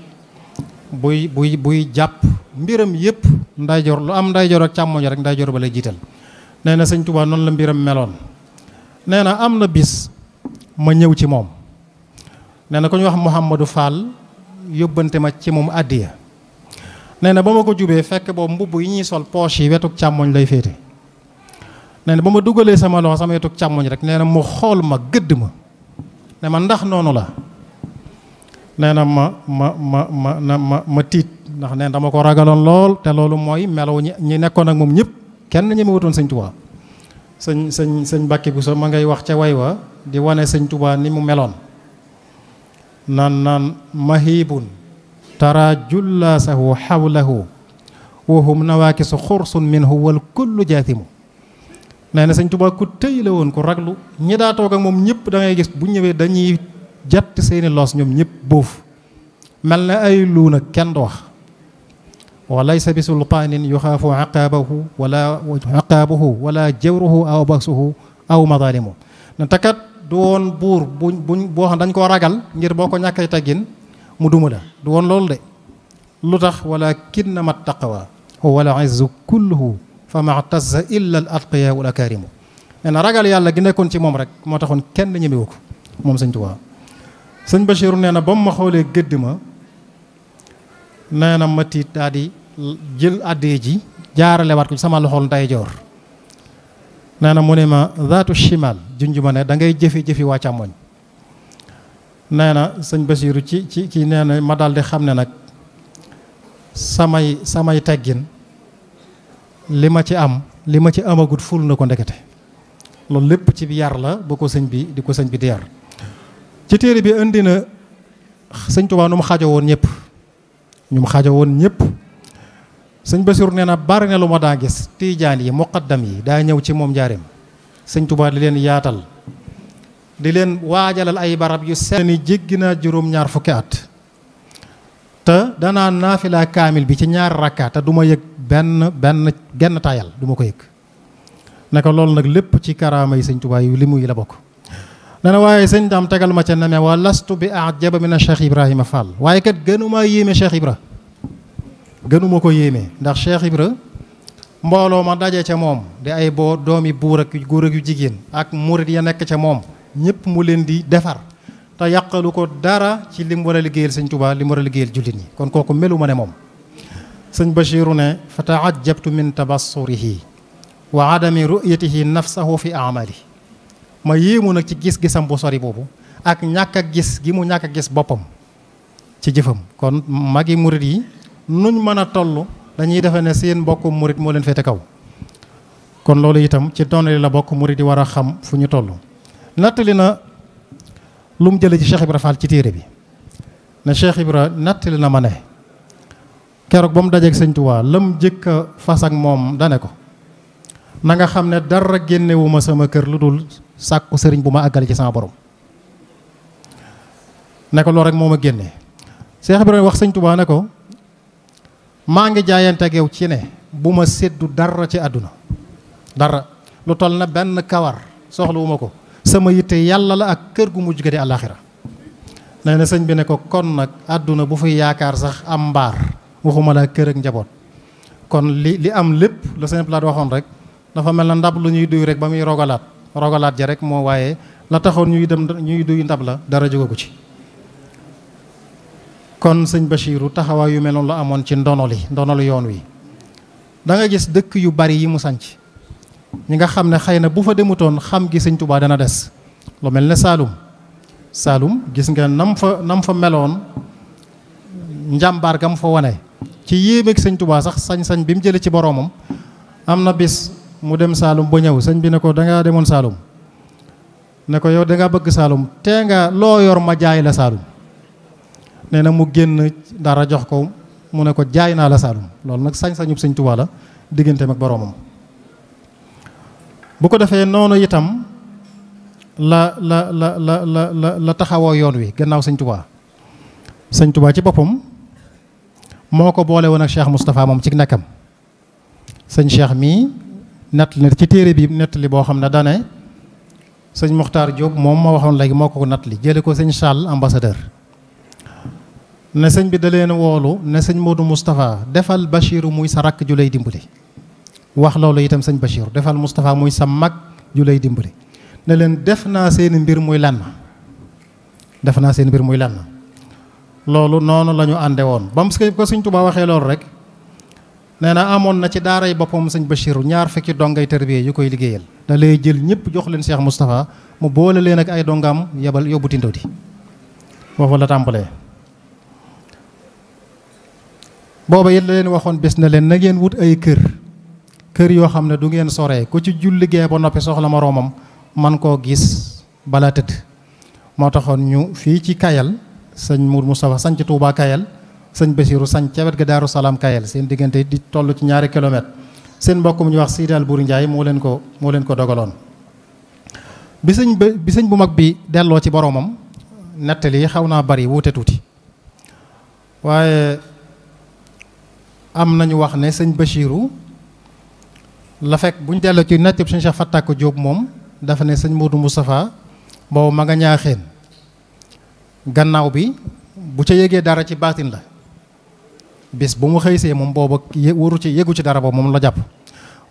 buy buy buy jàpp mbiram yëpp ndayjoor lu am ndayjoor ak càmmoñ rek ndayjoor ba lay jiital nee na sëñ noonu la mbiram meloon nee na am na bis ma ñëw ci moom nee na ku ñu wax Mouhamadou Fall yóbbante ma ci moom àddiya nee na ba ma ko jubee fekk boobu mbubb yi ñuy sol poche yi wetuk càmmoñ lay féete nee na ba ma dugalee sama loxo sama wetuk càmmoñ rek nee na mu xool ma gëdd ma ne ma ndax noonu la nee na ma ma ma ma na ma ma tiit ndax nee dama ko ragaloon lool te loolu mooy melaw ñi ñi nekkoon ak moom ñëpp kenn ñi ma wutoon sëñ Tuubaa sëñ sëñ sëñ Mbàkke Buso ma ngay wax ca way wa di wane sëñ Tuubaa ni mu meloon naan naan mahibun tara jullaasahu xawlahu wahum nawaakisu xursun minhu wal kullu jaathimu nee na sëñ Tuubaa ku tëy la woon ku raglu ñi daa toog ak moom ñëpp da gis bu ñëwee dañuy jàtt seeni loos ñoom ñëpp boofu mel na ay luuna kenn du wax wa laysa bi sultaanin yuxaafu aqaabahu wala aqaabuhu wala jawruhu aw basuhu aw madaalimu na takat du woon buur buñ buñ boo xam dañ koo ragal ngir boo ko ñàkkee teggin mu duma la du woon loolu de lu tax walakinna ma taqwa huwa al izzu kulluhu fa ma tazza illa al atqiya wal akarimu nee ragal yàlla gi nekkoon ci moom rek moo taxoon kenn ñemewu ko moom sëñ Tuubaa sëñ Bachirou nee na ba mu ma xoolee gëdd ma nee na ma tiit daal di jël àddee ji jaarale waat ko sama loxol ndeyjoor nee na mu ne ma zaatu chimal junj juma ne dangay ngay jëfi jëfi waa càmmoñ nee na sëñ Basiiru ci ci ci nee na ma daldi xam ne nag samay samay teggin li ma ci am li ma ci amagut ful na ko ndekete loolu lépp ci yar la bu ko sëñ bi di ko sëñ bi di yar ci téere bi indi na sëñ Tuubaa nu mu xaajo woon ñëpp ñu mu woon ñëpp sëñ Basiru nee na bari na lu ma daa gis tiijaan yi muqaddam yi daa ñëw ci moom njaareem sëñ Tuubaa di leen yaatal di leen waajalal ay barab yu set ni naa juróom-ñaar fukki at te danaa naafila kaamil bi ci ñaar rakka te du ma yëg benn benn genn taayal du ko yëg naka loolu nag lépp ci karaama yi sëñ Tuubaa yu limu yi la bokk dana waaye sëñ daam tegal ma ca neme wa lastu bi ajaba mina Cheikh Ibrahima Fall waaye kat gënumaa yéeme seex Ibra gënuma ko yéeme ndax Cheikh Ibra mbooloo ma daje ca moom di ay boo doomi buur ak góor ak yu jigéen ak murit ya nekk ca moom ñëpp mu leen di defar te yàqalu ko dara ci li mu war a liggéeyal sëñ tubaa li mu a liggéeyal jullit ñi kon kooku melu ma ne moom sëñ Bachiru ne fa taajabtu min tabassurihi wa adami ru'yatihi nafsahu fi ma yéemu nag ci gis-gisam bu sori boobu ak ñàkk a gis gi mu ñàkk a gis boppam ci jëfam kon magi murit yi nuñ mën a toll dañuy defe ne seen mbokku murit moo leen féete kaw kon loolu itam ci doonali la bokk murit yi war a xam fu ñu toll nattali na lu mu jële ci Cheikh Ibra Fall ci téere bi ne Cheikh Ibra nattali na ma ne keroog ba mu dajeeg Sëñ Tuubaa lam jëkk a fas ak moom dane ko na nga xam ne dara génnewuma sama kër lu dul sàkku sëriñ bu ma àggale ci sama borom ne ko loolu rek moo ma génne Cheikh Ibrahima wax sëñ Tuubaa ne ko maa ngi jaayante ak yow ci ne bu ma séddu dara ci àdduna dara lu toll na benn kawar soxlawuma ko sama yitte yàlla la ak kër gu mujj ga di àllaaxira nee na sëñ bi ne ko kon nag àdduna bu fay yaakaar sax am mbaar waxuma laa kër ak njaboot kon li li am lépp la sëñ Abdoulaye waxoon rek dafa mel na ndab lu ñuy duy rek ba muy rogalaat rogalaat ja rek moo waaye la taxoon ñuy dem ñuy duy ndab la dara jóge ci kon sëñ Bachiru taxawaay yu mel noonu la amoon ci ndonol yi ndonol yoon wi da gis dëkk yu bari yi mu sañc ñi nga xam ne xëy na bu fa demutoon xam gi sëñ Tuubaa dana des lu mel ne Saalum Saalum gis nga nam fa nam fa meloon njàmbaar gam fa wane ci yéemeeg sëñ Tuubaa sax sañ-sañ bi mu jëlee ci boroomam am na bis mu dem Saalum ba ñëw sëñ bi ne ko dangaa demoon Saalum ne ko yow dangaa bëgg Saalum tee nga loo yor ma jaay la Saalum nee na mu génn dara jox ko mu ne ko jaay naa la Saalum loolu nag sañ-sañub sëñ Tuubaa la digganteem boroomam bu ko defee noonu itam la la la la la la taxawoo yoon wi gannaaw sëñ Tuubaa sëñ ci boppam moo ko boole woon ak Cheikh Moustapha moom ci nekkam sëñ Cheikh mii nett li ci téere bi nett li boo xam ne dane sëñ Muxtaar Diop moom ma waxoon léegi moo ko nett li jële ko sëñ Sall ambassadeur ne sëñ bi da leen woolu ne sëñ Modou Moustapha defal Bachiru muy sa rakk ju lay dimbali wax loolu itam sëñ Bachiru defal Moustapha muy sa mag julay lay dimbali ne leen def naa seen mbir muy lan def naa seen mbir muy lan loolu noonu la ànde woon ba mu ko sëñ Tuubaa waxee loolu rek nee na amoon na ci daaray boppam sëñ Bachir ñaar fekki dongay tarbiyee yu koy liggéeyal da lay jël ñëpp jox leen seex Moustapha mu boole leen ak ay dongaam yebal yóbbu tindaw di foofu la tàmbalee booba yit la leen waxoon bés na leen na ngeen wut ay kër kër yoo xam ne du ngeen soree ku ci julli gee ba noppi soxla moroomam man koo gis bala tëdd moo taxoon ñu fii ci Kayal sëñ Mour Moustapha sanc Touba Kayal sëñ Basiiru sañ ca wet ga Daaru Salaam Kayel seen diggante di toll ci ñaari kilomètre seen mbokk mu ñuy wax Siidi Albuuri Njaay moo leen ko moo leen ko dogaloon bi sëñ bi bu mag bi delloo ci boroomam nettali xaw naa bari wuute tuuti waaye am nañu wax ne sëñ Basiiru la fekk bu ñu delloo ci nettali sëñ Cheikh Fatak Jóob moom dafa ne sëñ Moodu Moustapha boobu ma nga ñaaxeen gannaaw bi bu ca yégee dara ci baatin la bis bu mu xëysee moom booba waru ci yëgu ci dara boobu moom la jàpp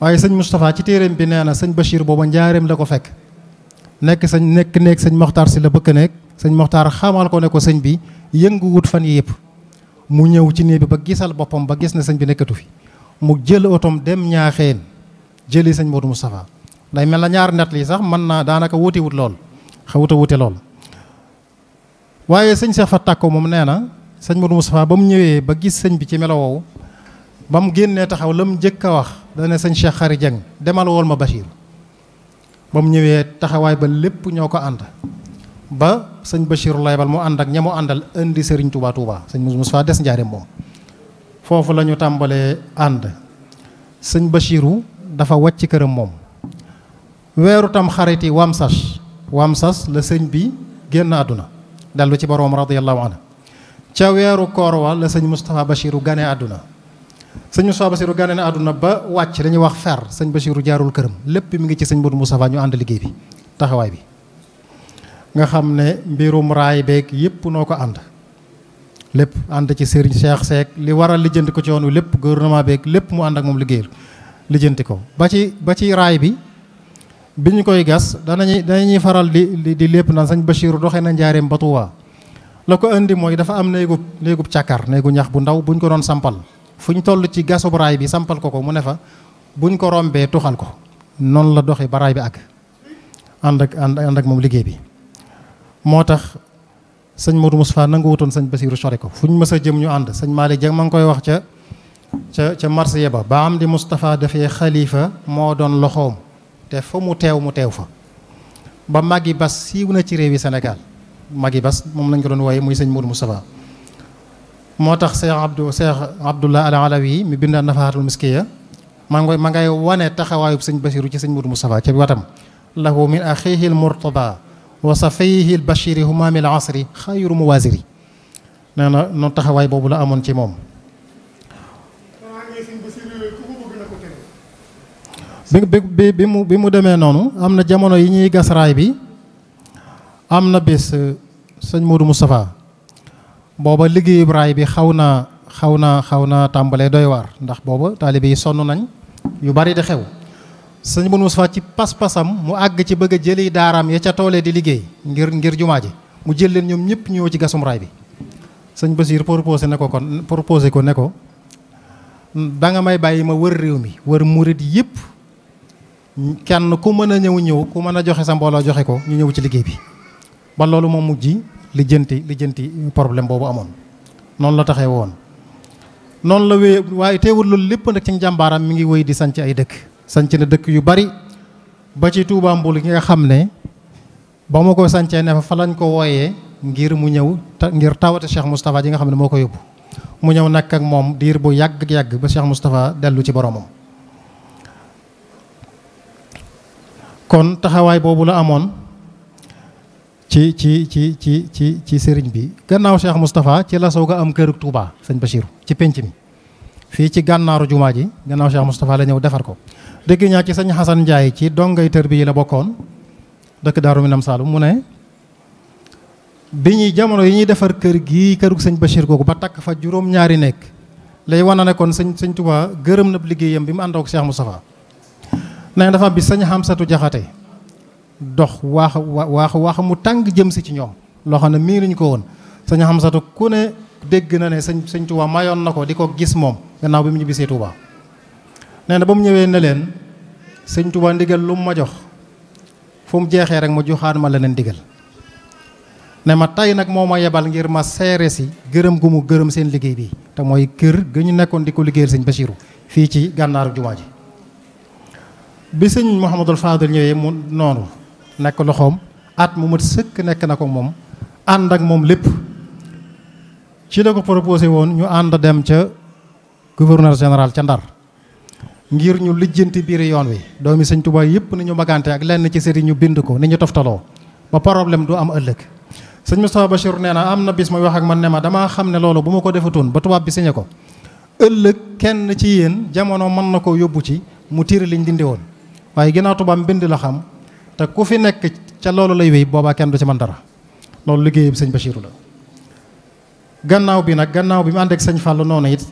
waaye sëñ Moustapha ci téeréem bi nee na sëñ Bachir booba njaareem la ko fekk nekk sañ nekk néeg sëñ Moxtaar si la bëkk nekk sëñ Moxtaar xamal ko ne ko sëñ bi yënguwut fan yi yëpp mu ñëw ci néeg bi ba gisal boppam ba gis na sëñ bi nekkatu fi mu jël otoom dem ñaaxeen jëli sëñ Modou Moustapha day mel na ñaar net lii sax mën naa daanaka wuutiwut lool xewuta a lool waaye sëñ Cheikh Fatakko moom nee sëñ Modou Moustapha ba mu ñëwee ba gis sëñ bi ci melo ba mu génnee taxaw la mu njëkk a wax dana sëñ Cheikh Khary Dieng demal wool ma Bachir ba mu ñëwee taxawaay ba lépp ñoo ko ànd ba sëñ Bachir laybal mu ànd ak ña àndal indi sëriñ Touba Touba sëñ Modou Moustapha des njaareem moom foofu la ñu tàmbalee ànd sëñ Bachiru dafa wàcc këram moom weeru tam xarit yi wamsas wamsas la sëñ bi génn àdduna dellu ci boroom radiyallahu anhu ca weeru koor wa la sëñ Moustapha Bachirou gane àdduna sëñ Moustapha Bachirou gane na àdduna ba wàcc dañuy wax fer sëñ Bachirou jaarul këram lépp mi ngi ci sëñ Modou Moustapha ñu taxawaay bi nga xam ne mbirum raay beeg yëpp noo ko ànd lépp ànd ci Serigne Cheikh Seck li waral lijjanti ko ci yoon lépp gouvernement beeg lépp mu ànd ak moom liggéeyal lijjanti ko ba ci ba ci raay bi bi ñu koy gas danañuy danañuy faral di di lépp naan sëñ Bachirou doxee na njaareem ba la ko indi mooy dafa am néegub néegub càkkar néegu ñax bu ndaw buñ ko doon sampal fu ñu toll ci gasub raay bi sampal ko ko mu ne fa buñ ko rombee tuxal ko noonu la doxee ba raay bi àgg ànd ak ànd ak moom liggéey bi moo tax sëñ Modou Moustapha nangu wutoon sëñ Basiiru sore ko fu ñu mës a jëm ñu ànd sëñ Malick Dieng ma ngi koy wax ca ca ca marché ya ba ba am di Moustapha dafee xalifa moo doon loxoom te fa mu teew mu teew fa ba yi bas siiw na ci réewi Sénégal mag yi bas moom lañ ko doon wooye muy sëñ Modou Moustapha moo tax Cheikh Abdou Cheikh Abdoullah al Alawi mi bind Nafahatul Miskiya maa ngoy ma ngay wane taxawaayub sëñ Basiru ci sëñ Modou Moustapha ci watam lahu min axihi al murtaba wa safihi al bashiri huma min al asri xayru muwasiri nee na noonu taxawaay boobu la amoon ci moom bi bi mu bi mu demee noonu am na jamono yi ñuy gas raay bi am na bés sëñ Modou Moustapha booba liggéeyu raay bi xaw naa xaw naa xaw naa tàmbalee doy waar ndax booba taalibe yi sonn nañ yu bari di xew sëñ Modou Moustapha ci pas-pasam mu àgg ci bëgg a jëli daaraam ya ca toolee di liggéey ngir ngir jumaa ji mu jël leen ñoom ñëpp ñëw ci gasum raay bi sëñ Basiir proposé ne ko kon proposé ko ne ko da nga may bàyyi ma wër réew mi wër murit yëpp kenn ku mën a ñëw ñëw ku mën a joxe sa mbooloo joxe ko ñu ñëw ci liggéey bi ba loolu moo mujj lijjanti lijjanti problème boobu amoon noonu la taxee woon noonu la wéy waaye teewul loolu lépp nag ci njàmbaaram mi ngi wéy di sanc ay dëkk sanc na dëkk yu bari ba ci Tuubaa Mbul gi nga xam ne ba ma ko sancee ne fa lañ ko wooyee ngir mu ñëw ngir tawate Cheikh Moustapha ji nga xam ne moo ko yóbbu mu ñëw nag ak moom diir bu yàgg-yàgg ba Cheikh Moustapha dellu ci boromam kon taxawaay boobu la amoon ci ci ci ci ci ci sëriñ bi gannaaw Cheikh Moustapha ci la soog a am kërug Touba sëñ Bachirou ci penc mi fii ci gànnaaru jumaa ji gannaaw Cheikh Moustapha la ñëw defar ko dégg ñaa ci sañ Xasan Ndiaye ci dongay tër bi yi la bokkoon dëkk Daaru Minam Saalum mu ne bi ñuy jamono yi ñuy defar kër gii kërug sëñ Bachir googu ba takk fa juróom-ñaari nekk lay wana ne kon sañ sëñ Touba gërëm na liggéeyam bi mu ànd ak Cheikh Moustapha nee dafa bi sëñ Hamsatu Jaxate dox waax waax waax mu tàng jëm si ci ñoom loo xam ne miinuñ ko woon sëñ Hamsatu ku ne dégg na ne sëñ sëñ Tuubaa mayoon na ko di ko gis moom gannaaw bi mu ñibbisee Tuubaa nee na ba mu ñëwee ne leen sëñ Tuubaa ndigal lu mu ma jox fu mu jeexee rek ma joxaan ma leneen ndigal ne ma tey nag moo ma yebal ngir ma seere si gërëm gu mu gërëm seen liggéey bi te mooy kër ga ñu nekkoon di ko liggéeyal sañ Basiiru fii ci gànnaaru jumaa ji bi sëñ Mouhamadul Fadil ñëwee mu noonu nekk loxoom at mu mat sëkk nekk na ko moom ànd ak moom lépp ci la ko proposé woon ñu ànd dem ca gouverneur général ca Ndar ngir ñu lijjanti biir yoon wi doomi sëñ Tuubaa yëpp ni ñu magante ak lenn ci sëriñ ñu bind ko ni ñu toftaloo ba problème du am ëllëg sëñ Moustapha Bachir nee na am na bis ma wax ak man ne ma damaa xam ne loolu bu ma ko defatoon ba tubaab bi sañe ko ëllëg kenn ci yéen jamono mën na koo yóbbu ci mu tiir liñ dindi woon waaye ginnaaw tubaab mbind la xam te ku fi nekk ca loolu lay wéy boobaa kenn du ci man dara loolu liggéeyam sëñ Bachirou la gannaaw bi nag gannaaw bi mu ànd ak sëñ Fallou noonu it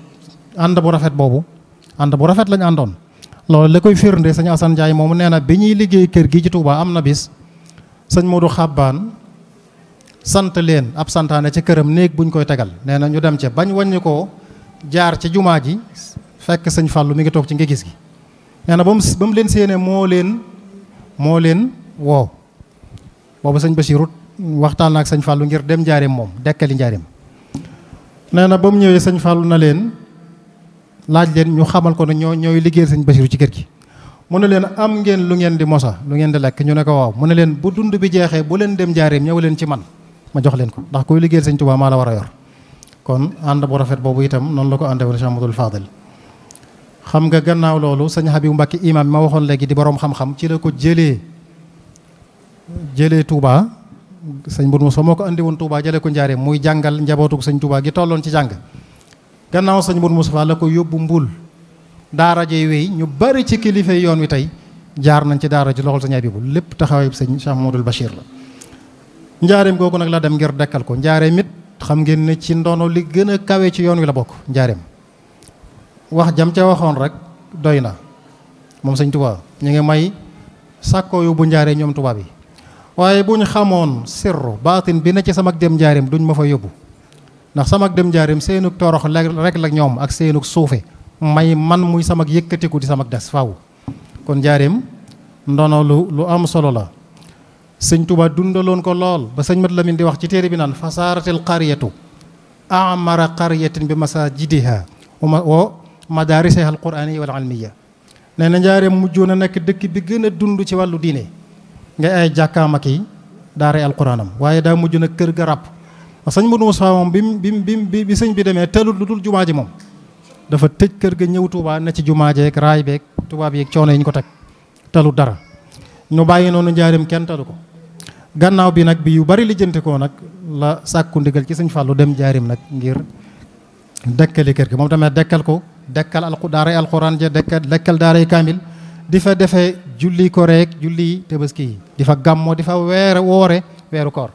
ànd bu rafet boobu ànd bu rafet lañu àndoon loolu la koy firnde sëñ Assane Ndiaye moomu nee na bi ñuy liggéey kër gi ci Touba am na bis sëñ Modou Xabbaan sant leen ab santaane ci këram néeg buñ koy tegal nee na ñu dem ca bañ wàññi koo jaar ci jumaa ji fekk sëñ Fallou mi ngi toog ci nga gis gi nee na moo leen woo boobu sañ Basiiru waxtaan ak sëñ Fàllu ngir dem njaareem moom dekkali njaareem nee na ba mu ñëwee sañ Fàllu na leen laaj leen ñu xamal ko ne ñoo ñooy liggéeyal sëñ Basiiru ci kër gi mu ne leen am ngeen lu ngeen di mosa lu ngeen di lekk ñu ne ko waaw mu ne leen bu dund bi jeexee bu leen dem njaareem ñëw leen ci man ma jox leen ko ndax kuy liggéeyal sañ Tuubaa maa la war a yor kon ànd bu rafet boobu itam noonu la ko ànde woon Cheikh Amadou xam nga gannaaw loolu sëñ Habib Mbacke imam ma waxoon léegi di borom xam-xam ci la ko jële jëlee Touba sëñ Bourou Moussa moo ko andi woon Touba jëlee ko Njaareem muy jàngal njabootu sëñ Touba gi tolloon ci jàng gannaaw sëñ Bourou Moussa la ko yóbbu Mbul daara ji wéy ñu bari ci kilifa yoon wi tey jaar nañ ci daara ji loxol sëñ Habib lépp taxawee sëñ Cheikh Modou Bachir la. Njaareem googu nag la dem ngir dekkal ko Njaareem it xam ngeen ne ci ndono li gën a kawe ci yoon wi la bokk Njaareem. wax jam ca waxoon rek doy na moom sëñ Tuubaa ñu ngi may sàkkoo yu bu njaaree ñoom tubaab yi waaye bu ñu xamoon sirru baatin bi na ci sama dem njaareem duñ ma fa yóbbu ndax sama dem njaareem seenug torox rek la ñoom ak seenug suufe may man muy sama yëkkatiku di sama des faw kon njaareem ndono lu lu am solo la sëñ Tuubaa dundaloon ko lool ba sëñ Mat Lamin di wax ci téere bi naan fasaaratil qaryatu amara qaryatin bi masajidiha wa madaariseha alquraaniya wal almiya nee na njaareem mujjoon a nekk dëkk bi gën a dund ci wàllu diine nga ay jàkkaam ak yi daaray alquraanam waaye daa mujj nag kër ga ràpp sëñ Modou Moussa moom bi bi bi bi bi demee teelut lu dul jumaa ji moom dafa tëj kër ga ñëw Touba na ci jumaa jeeg raay beeg tubaab yeeg coono yi ñu ko teg teelut dara ñu bàyyi noonu njaareem kenn teelu ko gannaaw bi nag bi yu bari lijjantikoo nag la sàkku ndigal ci sëñ Fallou dem njaareem nag dekkali kër gi moom tamit dekkal ko dekkal al daaray alquran ja dekkal dekkal daaray kaamil di fa defe julli ko rek julli tabaski yi di fa gàmmoo di fa weere woore weeru koor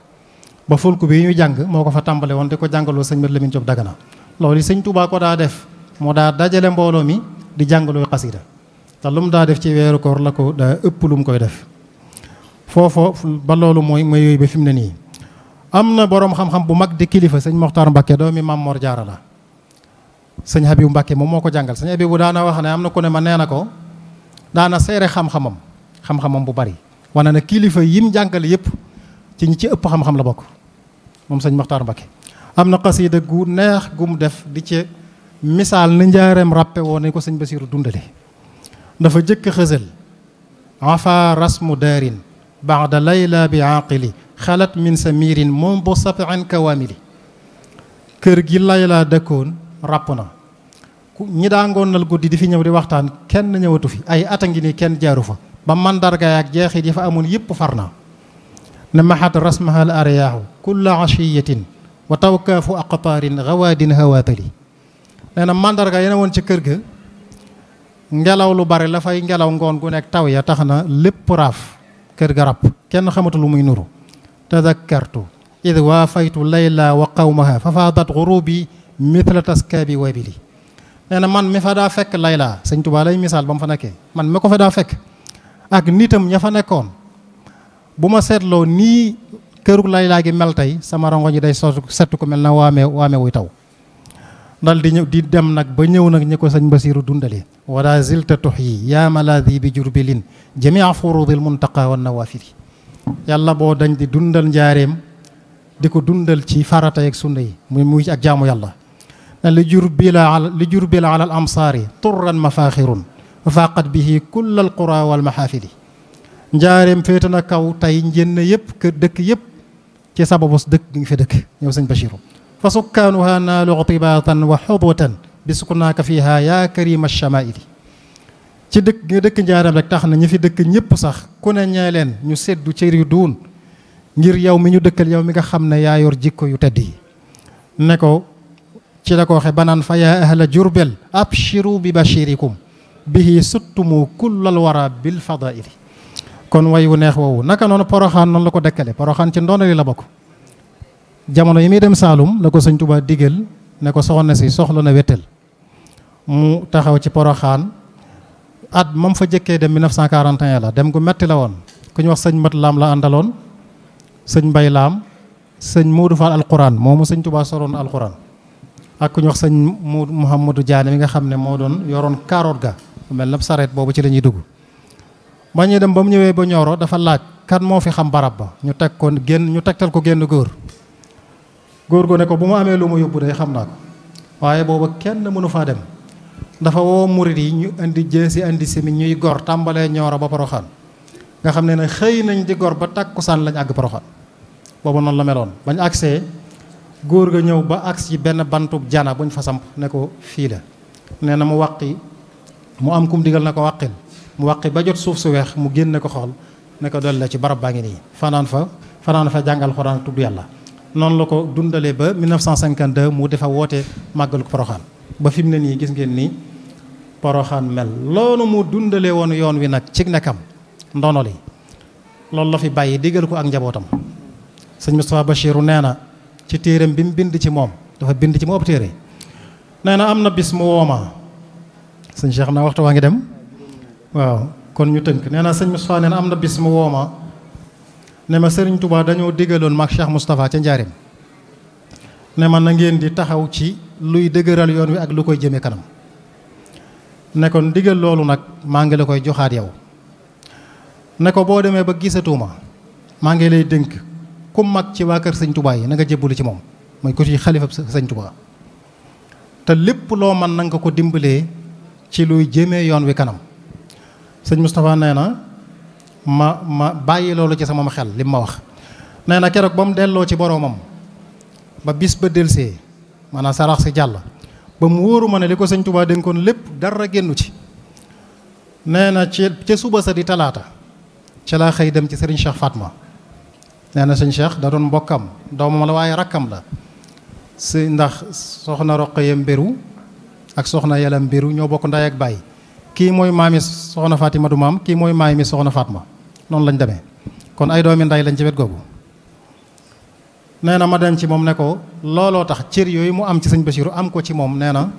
ba fulku bi ñu jàng moo ko fa tàmbale woon di ko jàngaloo sëñ Mat Lamin Jóob Dagana loolu sëñ Tuubaa ko daa def moo daa dajale mbooloo mi di jàngaloo xasida te lu mu daa def ci weeru koor la ko daa ëpp lu mu koy def foofoo ba loolu mooy mooy yooyu ba fi mu ne nii am na boroom xam-xam bu mag di kilifa sëñ Moxtaar Mbakke doomi Maam la sëñ Habib Mbacke moom moo ko jàngal sëñ Habib bu daana wax ne am na ko ne ma nee na ko daana seere xam-xamam xam-xamam bu bari wane na kilifa yi mu jàngale yëpp ci ñi ci ëpp xam-xam la bokk moom sëñ Maxtaar Mbacke am na xasida gu neex gu mu def di ci misaal ni njaareem ràppe woon nañ ko sëñ Basiiru dundale dafa jëkk xësal afa rasmu daarin baada layla bi aaqili xalat min samirin moom bu safian kawamili kër gi laylaa dëkkoon ràpp na ñi daa ngoonal guddi di fi ñëw di waxtaan kenn ñëwatu fi ay ata ngi nii kenn jaaru fa ba mandarga ak jeexit yi fa amoon yëpp far na ne maxat rasmahal ariyaahu kulla ashiyatin wa tawkaafu aqtaarin gawaadin hawaatali nee na mandarga yene woon ci kër ga ngelaw lu bari la fay ngelaw ngoon gu nekk taw ya tax na lépp raaf kër ga ràpp kenn xamatu lu muy nuru tadakkartu id waafaytu layla wa qawmaha fa faadat gurubi mithla bi wabili nee na man mi fa daa fekk Layla sëñ Tuubaa lay misaal ba mu fa nekkee man mi ko fa daa fekk ak nitam ña fa nekkoon bu ma seetloo nii kërug Layla gi mel tey sama rongo ñi day sotu settu ko mel na waame waame wuy taw dal di ñëw di dem nag ba ñëw nag ñi ko sëñ Basiiru dundale wala zilta tux yi yaa malaadi bi jurbilin jamia furudil muntaqa wan nawafili yàlla boo dañ di dundal njaareem di ko dundal ci farata ak sunna yi muy yàlla li jur bila li jur bila ala al amsaari turran mafaaxirun faaqat bihi kull al qura wal maxaafili njaareem féete na kaw tey njënn yëpp kër dëkk yëpp ci sababus dëkk gi nga fi dëkk ñoom sëñ Bachiru fa sukkaanuha naalu tibaatan wa xudwatan bi sukunaaka fiha yaa karima chamaili ci dëkk nga dëkk njaareem rek tax na ñi fi dëkk ñëpp sax ku ne ñee leen ñu seddu cër yu duun ngir yow mi ñu dëkkal yow mi nga xam ne yaa yor jikko yu tedd yi ne ko ci la ko waxee ba naan fa yaa ahla jurbel abshiru bi bashirikum bihi suttumu kullal wara bil fadaili kon way wu neex woowu naka noonu poroxaan noonu la ko dekkale poroxaan ci ndoonali la bokk jamono yi muy dem saalum la ko sëñ Tuubaa digal ne ko soxna si soxla na wettel mu taxaw ci poroxaan at mam fa jëkkee dem 1941 la dem gu metti la woon ku ñu wax sëñ mat laam la àndaloon sëñ mbay laam sëñ Moodu Faal alquran moomu sëñ Tuubaa soroon ak ku ñu sañ sëñ mu Mouhamadou Diané mi nga xam ne moo doon yoroon kaaroot ga mel na sareet boobu ci la ñuy dugg ba ñuy dem ba mu ñëwee ba Nioro dafa laaj kan moo fi xam barab ba ñu teg ko génn ñu tegtal ko génn góor góor gu ne ko bu mu amee lu ma yóbbu day xam naa ko waaye booba kenn mënu faa dem dafa woo murit yi ñu indi si indi simi ñuy gor tàmbalee Nioro ba Poroxaan nga xam ne ne xëy nañ di gor ba takkusaan lañ àgg Poroxaan boobu noonu la meloon góor ga ñëw ba agsi ci benn bantub jana buñ fa samp ne ko fii la nee na mu wàqi mu am kum digal na ko wàqil mu wàqi ba jot suuf su weex mu génne ko xool ne ko dolli la ci barab baa ngi nii fanaan fa fanaan fa jàngal xuraan tudd yàlla noonu la ko dundalee ba 1952 mu defa woote màggalu poroxaan ba fi mu ne nii gis ngeen nii poroxaan mel loolu mu dundalee woon yoon wi nag cig nekkam ndono li loolu la fi bàyyi digal ko ak njabootam sëñ Moustapha Bachiru nee na ci téeram bi mu bind ci moom dafa bind ci moom ab téere nee na am na bis mu wooma sëñ Cheikh naa waxtu waa ngi dem waaw kon ñu tënk nee na sëñ Moustapha nee na am na bis mu wooma ne ma sëriñ Touba dañoo ma maag Cheikh Moustapha ca njaarim ne ma na ngeen di taxaw ci luy dëgëral yoon wi ak lu koy jëme kanam ne ko ndigal loolu nag maa ngi la koy joxaat yow ne ko boo demee ba gisatuma maa ngi lay dénk ku mag ci waa kër sëñ Touba yi nanga nga ci moom mooy ku ci xalifa sëñ Touba te lépp loo mën na nga ko dimbalee ci luy jëmee yoon wi kanam sëñ Moustapha nee na ma ma bàyyi loolu ci sama xel li ma wax. nee na keroog ba mu delloo ci boroomam ba bis ba delsee maanaam sarax si jàll ba mu wóoru ma ne li ko sëñ Touba kon lépp dara génnu ci nee na ci ca suba sa di talaata ca laa xëy dem ci sëriñ Cheikh Fatma. nee na sëñ Cheikh da doon mbokkam doomam la waaye rakkam la si ndax soxna Roqaya Mbéru ak soxna Yàlla Mbéru ñoo bokk nday ak baay kii mooy maami soxna Fatimatu maam kii mooy mi soxna Fatma noonu lañ demee kon ay doomi nday lañ ci wet googu nee na ma dem ci moom ne ko looloo tax cër yooyu mu am ci sëñ Basiru am ko ci moom nee na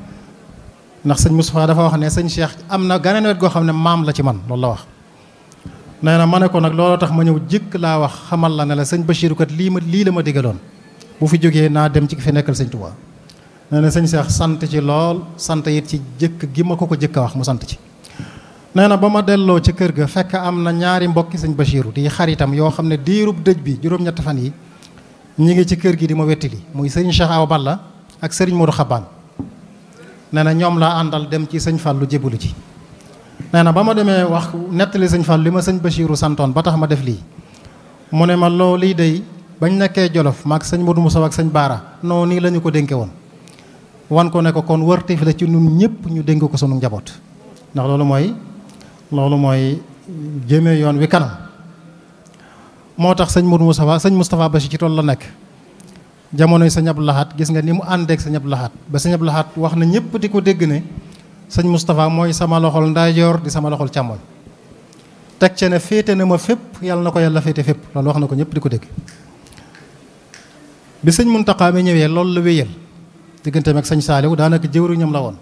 ndax sëñ Moustapha dafa wax ne sëñ Cheikh am na ganeen wet goo xam ne maam la ci man loolu la wax nee na ma ne ko nag looloo tax ma ñëw jëkk laa wax xamal la ne la sañ Bachir lii ma lii la ma digaloon bu fi jógee naa dem ci ki fi nekkal sëñ Touba nee na sëñ Cheikh sant ci lool sant it ci jëkk gi ma ko ko jëkk a wax mu sant ci nee na ba ma delloo ci kër ga fekk am na ñaari mbokki sëñ Bachiru di xaritam yoo xam ne diirub dëj bi juróom-ñett fan yi ñu ngi ci kër gi di ma wettili muy sëriñ Cheikh bal la ak sëriñ Modou Xabaan nee na ñoom laa àndal dem ci sëñ Fàllu jébbalu ji nee na ba ma demee wax nettali sëñ Fall li ma sëñ Bachiru santoon ba tax ma def lii mu ne ma loo lii dey bañ nekkee jolof ak sañ sëñ Modou Moussa ak sañ Baara non nii la ko dénke woon wan ko ne ko kon wërtif la ci ñun ñëpp ñu dénk ko sunu njaboot ndax loolu mooy loolu mooy jéeme yoon wi kanam moo tax sëñ Modou Moussa sañ Moustapha Bachir ci tool la nekk jamonoy sëñ Abdou gis nga ni mu àndeek sëñ Abdou ba sëñ Abdou wax na ñëpp di ko dégg ne sëñ Moustapha mooy sama loxol ndaajoor di sama loxol càmmoñ teg ce ne féete ne ma fépp yàlla na ko yàlla féete fépp loolu wax na ko ñëpp di ko dégg bi sëñ Mountakha mi ñëwee loolu la wéyal digganteem ak sëñ wu daanaka jëwriñam la woon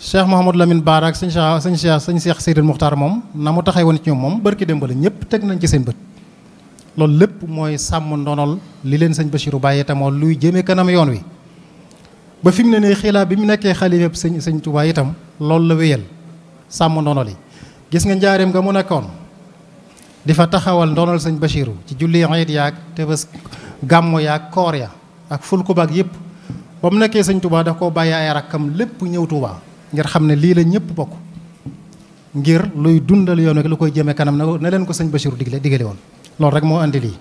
Cheikh Mouhamadou Lamine Bara ak sëñ Cheikh sëñ Cheikh sëñ Cheikh Seydil Muxtaar moom na mu taxee woon ci ñoom moom barki démb la ñëpp teg nañ ci seen bët loolu lépp mooy sàmm ndonol li leen sëñ Bachirou bàyyee tamoo luy jëmee kanam yoon wi ba fi mu ne nii xilaa bi mu nekkee xalifab sëñ sëñ Tuubaa itam loolu la wéyal sàmm ndono li gis nga njaareem nga mu nekkoon di fa taxawal ndonal sëñ Bachiru ci julli ayit yaag tebés gàmmo yaag ak fulku baag yëpp ba mu nekkee sëñ Tuubaa daf koo bàyyi ay rakkam lépp ñëw Tuubaa ngir xam ne lii la ñëpp bokk ngir luy dundal yoon wi lu koy jëmee kanam na leen ko sëñ Bachiru digle digale woon loolu rek moo andi lii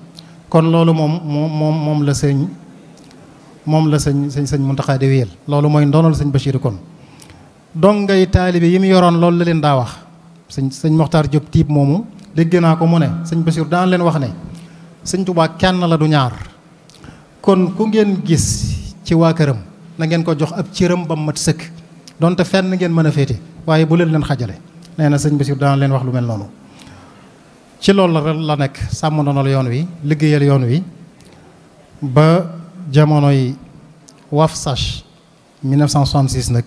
kon loolu moom moom la sëñ moom la sëñ sëñ sëñ Muntaxa di wéyal loolu mooy ndoonal sëñ Bachir kon dong ngay taalibe yi mu yoroon loolu la leen daa wax sëñ sañ Moxtaar Diop tiib moomu dégg naa ko mu ne sëñ Bachir daan leen wax ne sëñ Tuubaa kenn la du ñaar kon ku ngeen gis ci waa këram na ngeen ko jox ab cëram ba mu mat sëkk donte fenn ngeen mën a féete waaye bu leen leen xajale nee na sëñ Bachir daan leen wax lu mel noonu ci loolu la la nekk sàmm ndoonal yoon wi liggéeyal yoon wi ba jamonoy Wafsash 1966 nag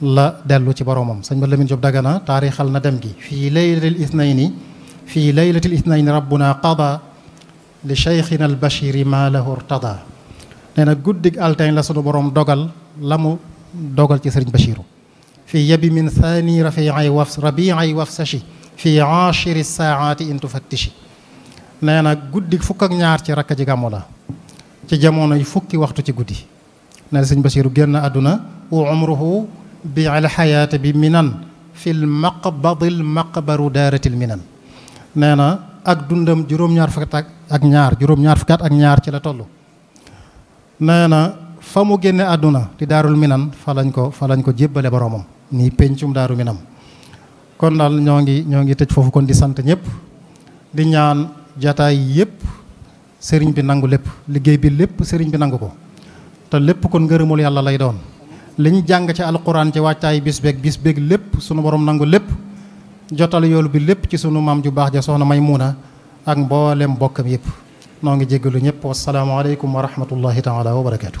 la dellu ci boromam sëñ Ba Lamine Diop Dagana taarixal na dem gi fii laylatil ithnayni fii laylatil ithnayni rabbuna qada li cheikhina al bachiri ma lahu irtada nee na guddig altin la sunu borom dogal la mu dogal ci sëriñ Bachiru fii yebi min thani rafiay waf rabiay wafsashi fii achiri saati in tufattishi nee na guddig fukk ak ñaar ci rakk ji gàmmu la ci jamono yi fukki waxtu ci guddi na la Basiiru génn àdduna wa umruhu bi alxayaati bi minan fil maqbadil maqbaru daaratil minan nee ak dundam juróom-ñaar fukki ak ñaar juróom-ñaar fukki ak ñaar ci la toll nee na fa mu génne àdduna di daarul minan fa lañ ko fa lañ ko jébbale boroomam nii pencum daaru minam kon daal ñoo ngi ñoo ngi tëj foofu kon di sant ñëpp di ñaan jataay yëpp sëriñ bi nangu lépp liggéey bi lépp sëriñ bi nangu ko te lépp kon ngërëmul yàlla lay doon liñ jàng ci alquran ci wàccaay bis beeg bis beeg lépp sunu borom nangu lépp jotal yoolu bi lépp ci sunu maam ju baax ja soxna Maymuna ak mboolem bokkam yëpp noo ngi jéggalu ñëpp wasalaamaaleykum wa rahmatullahi taala wa barakaatu.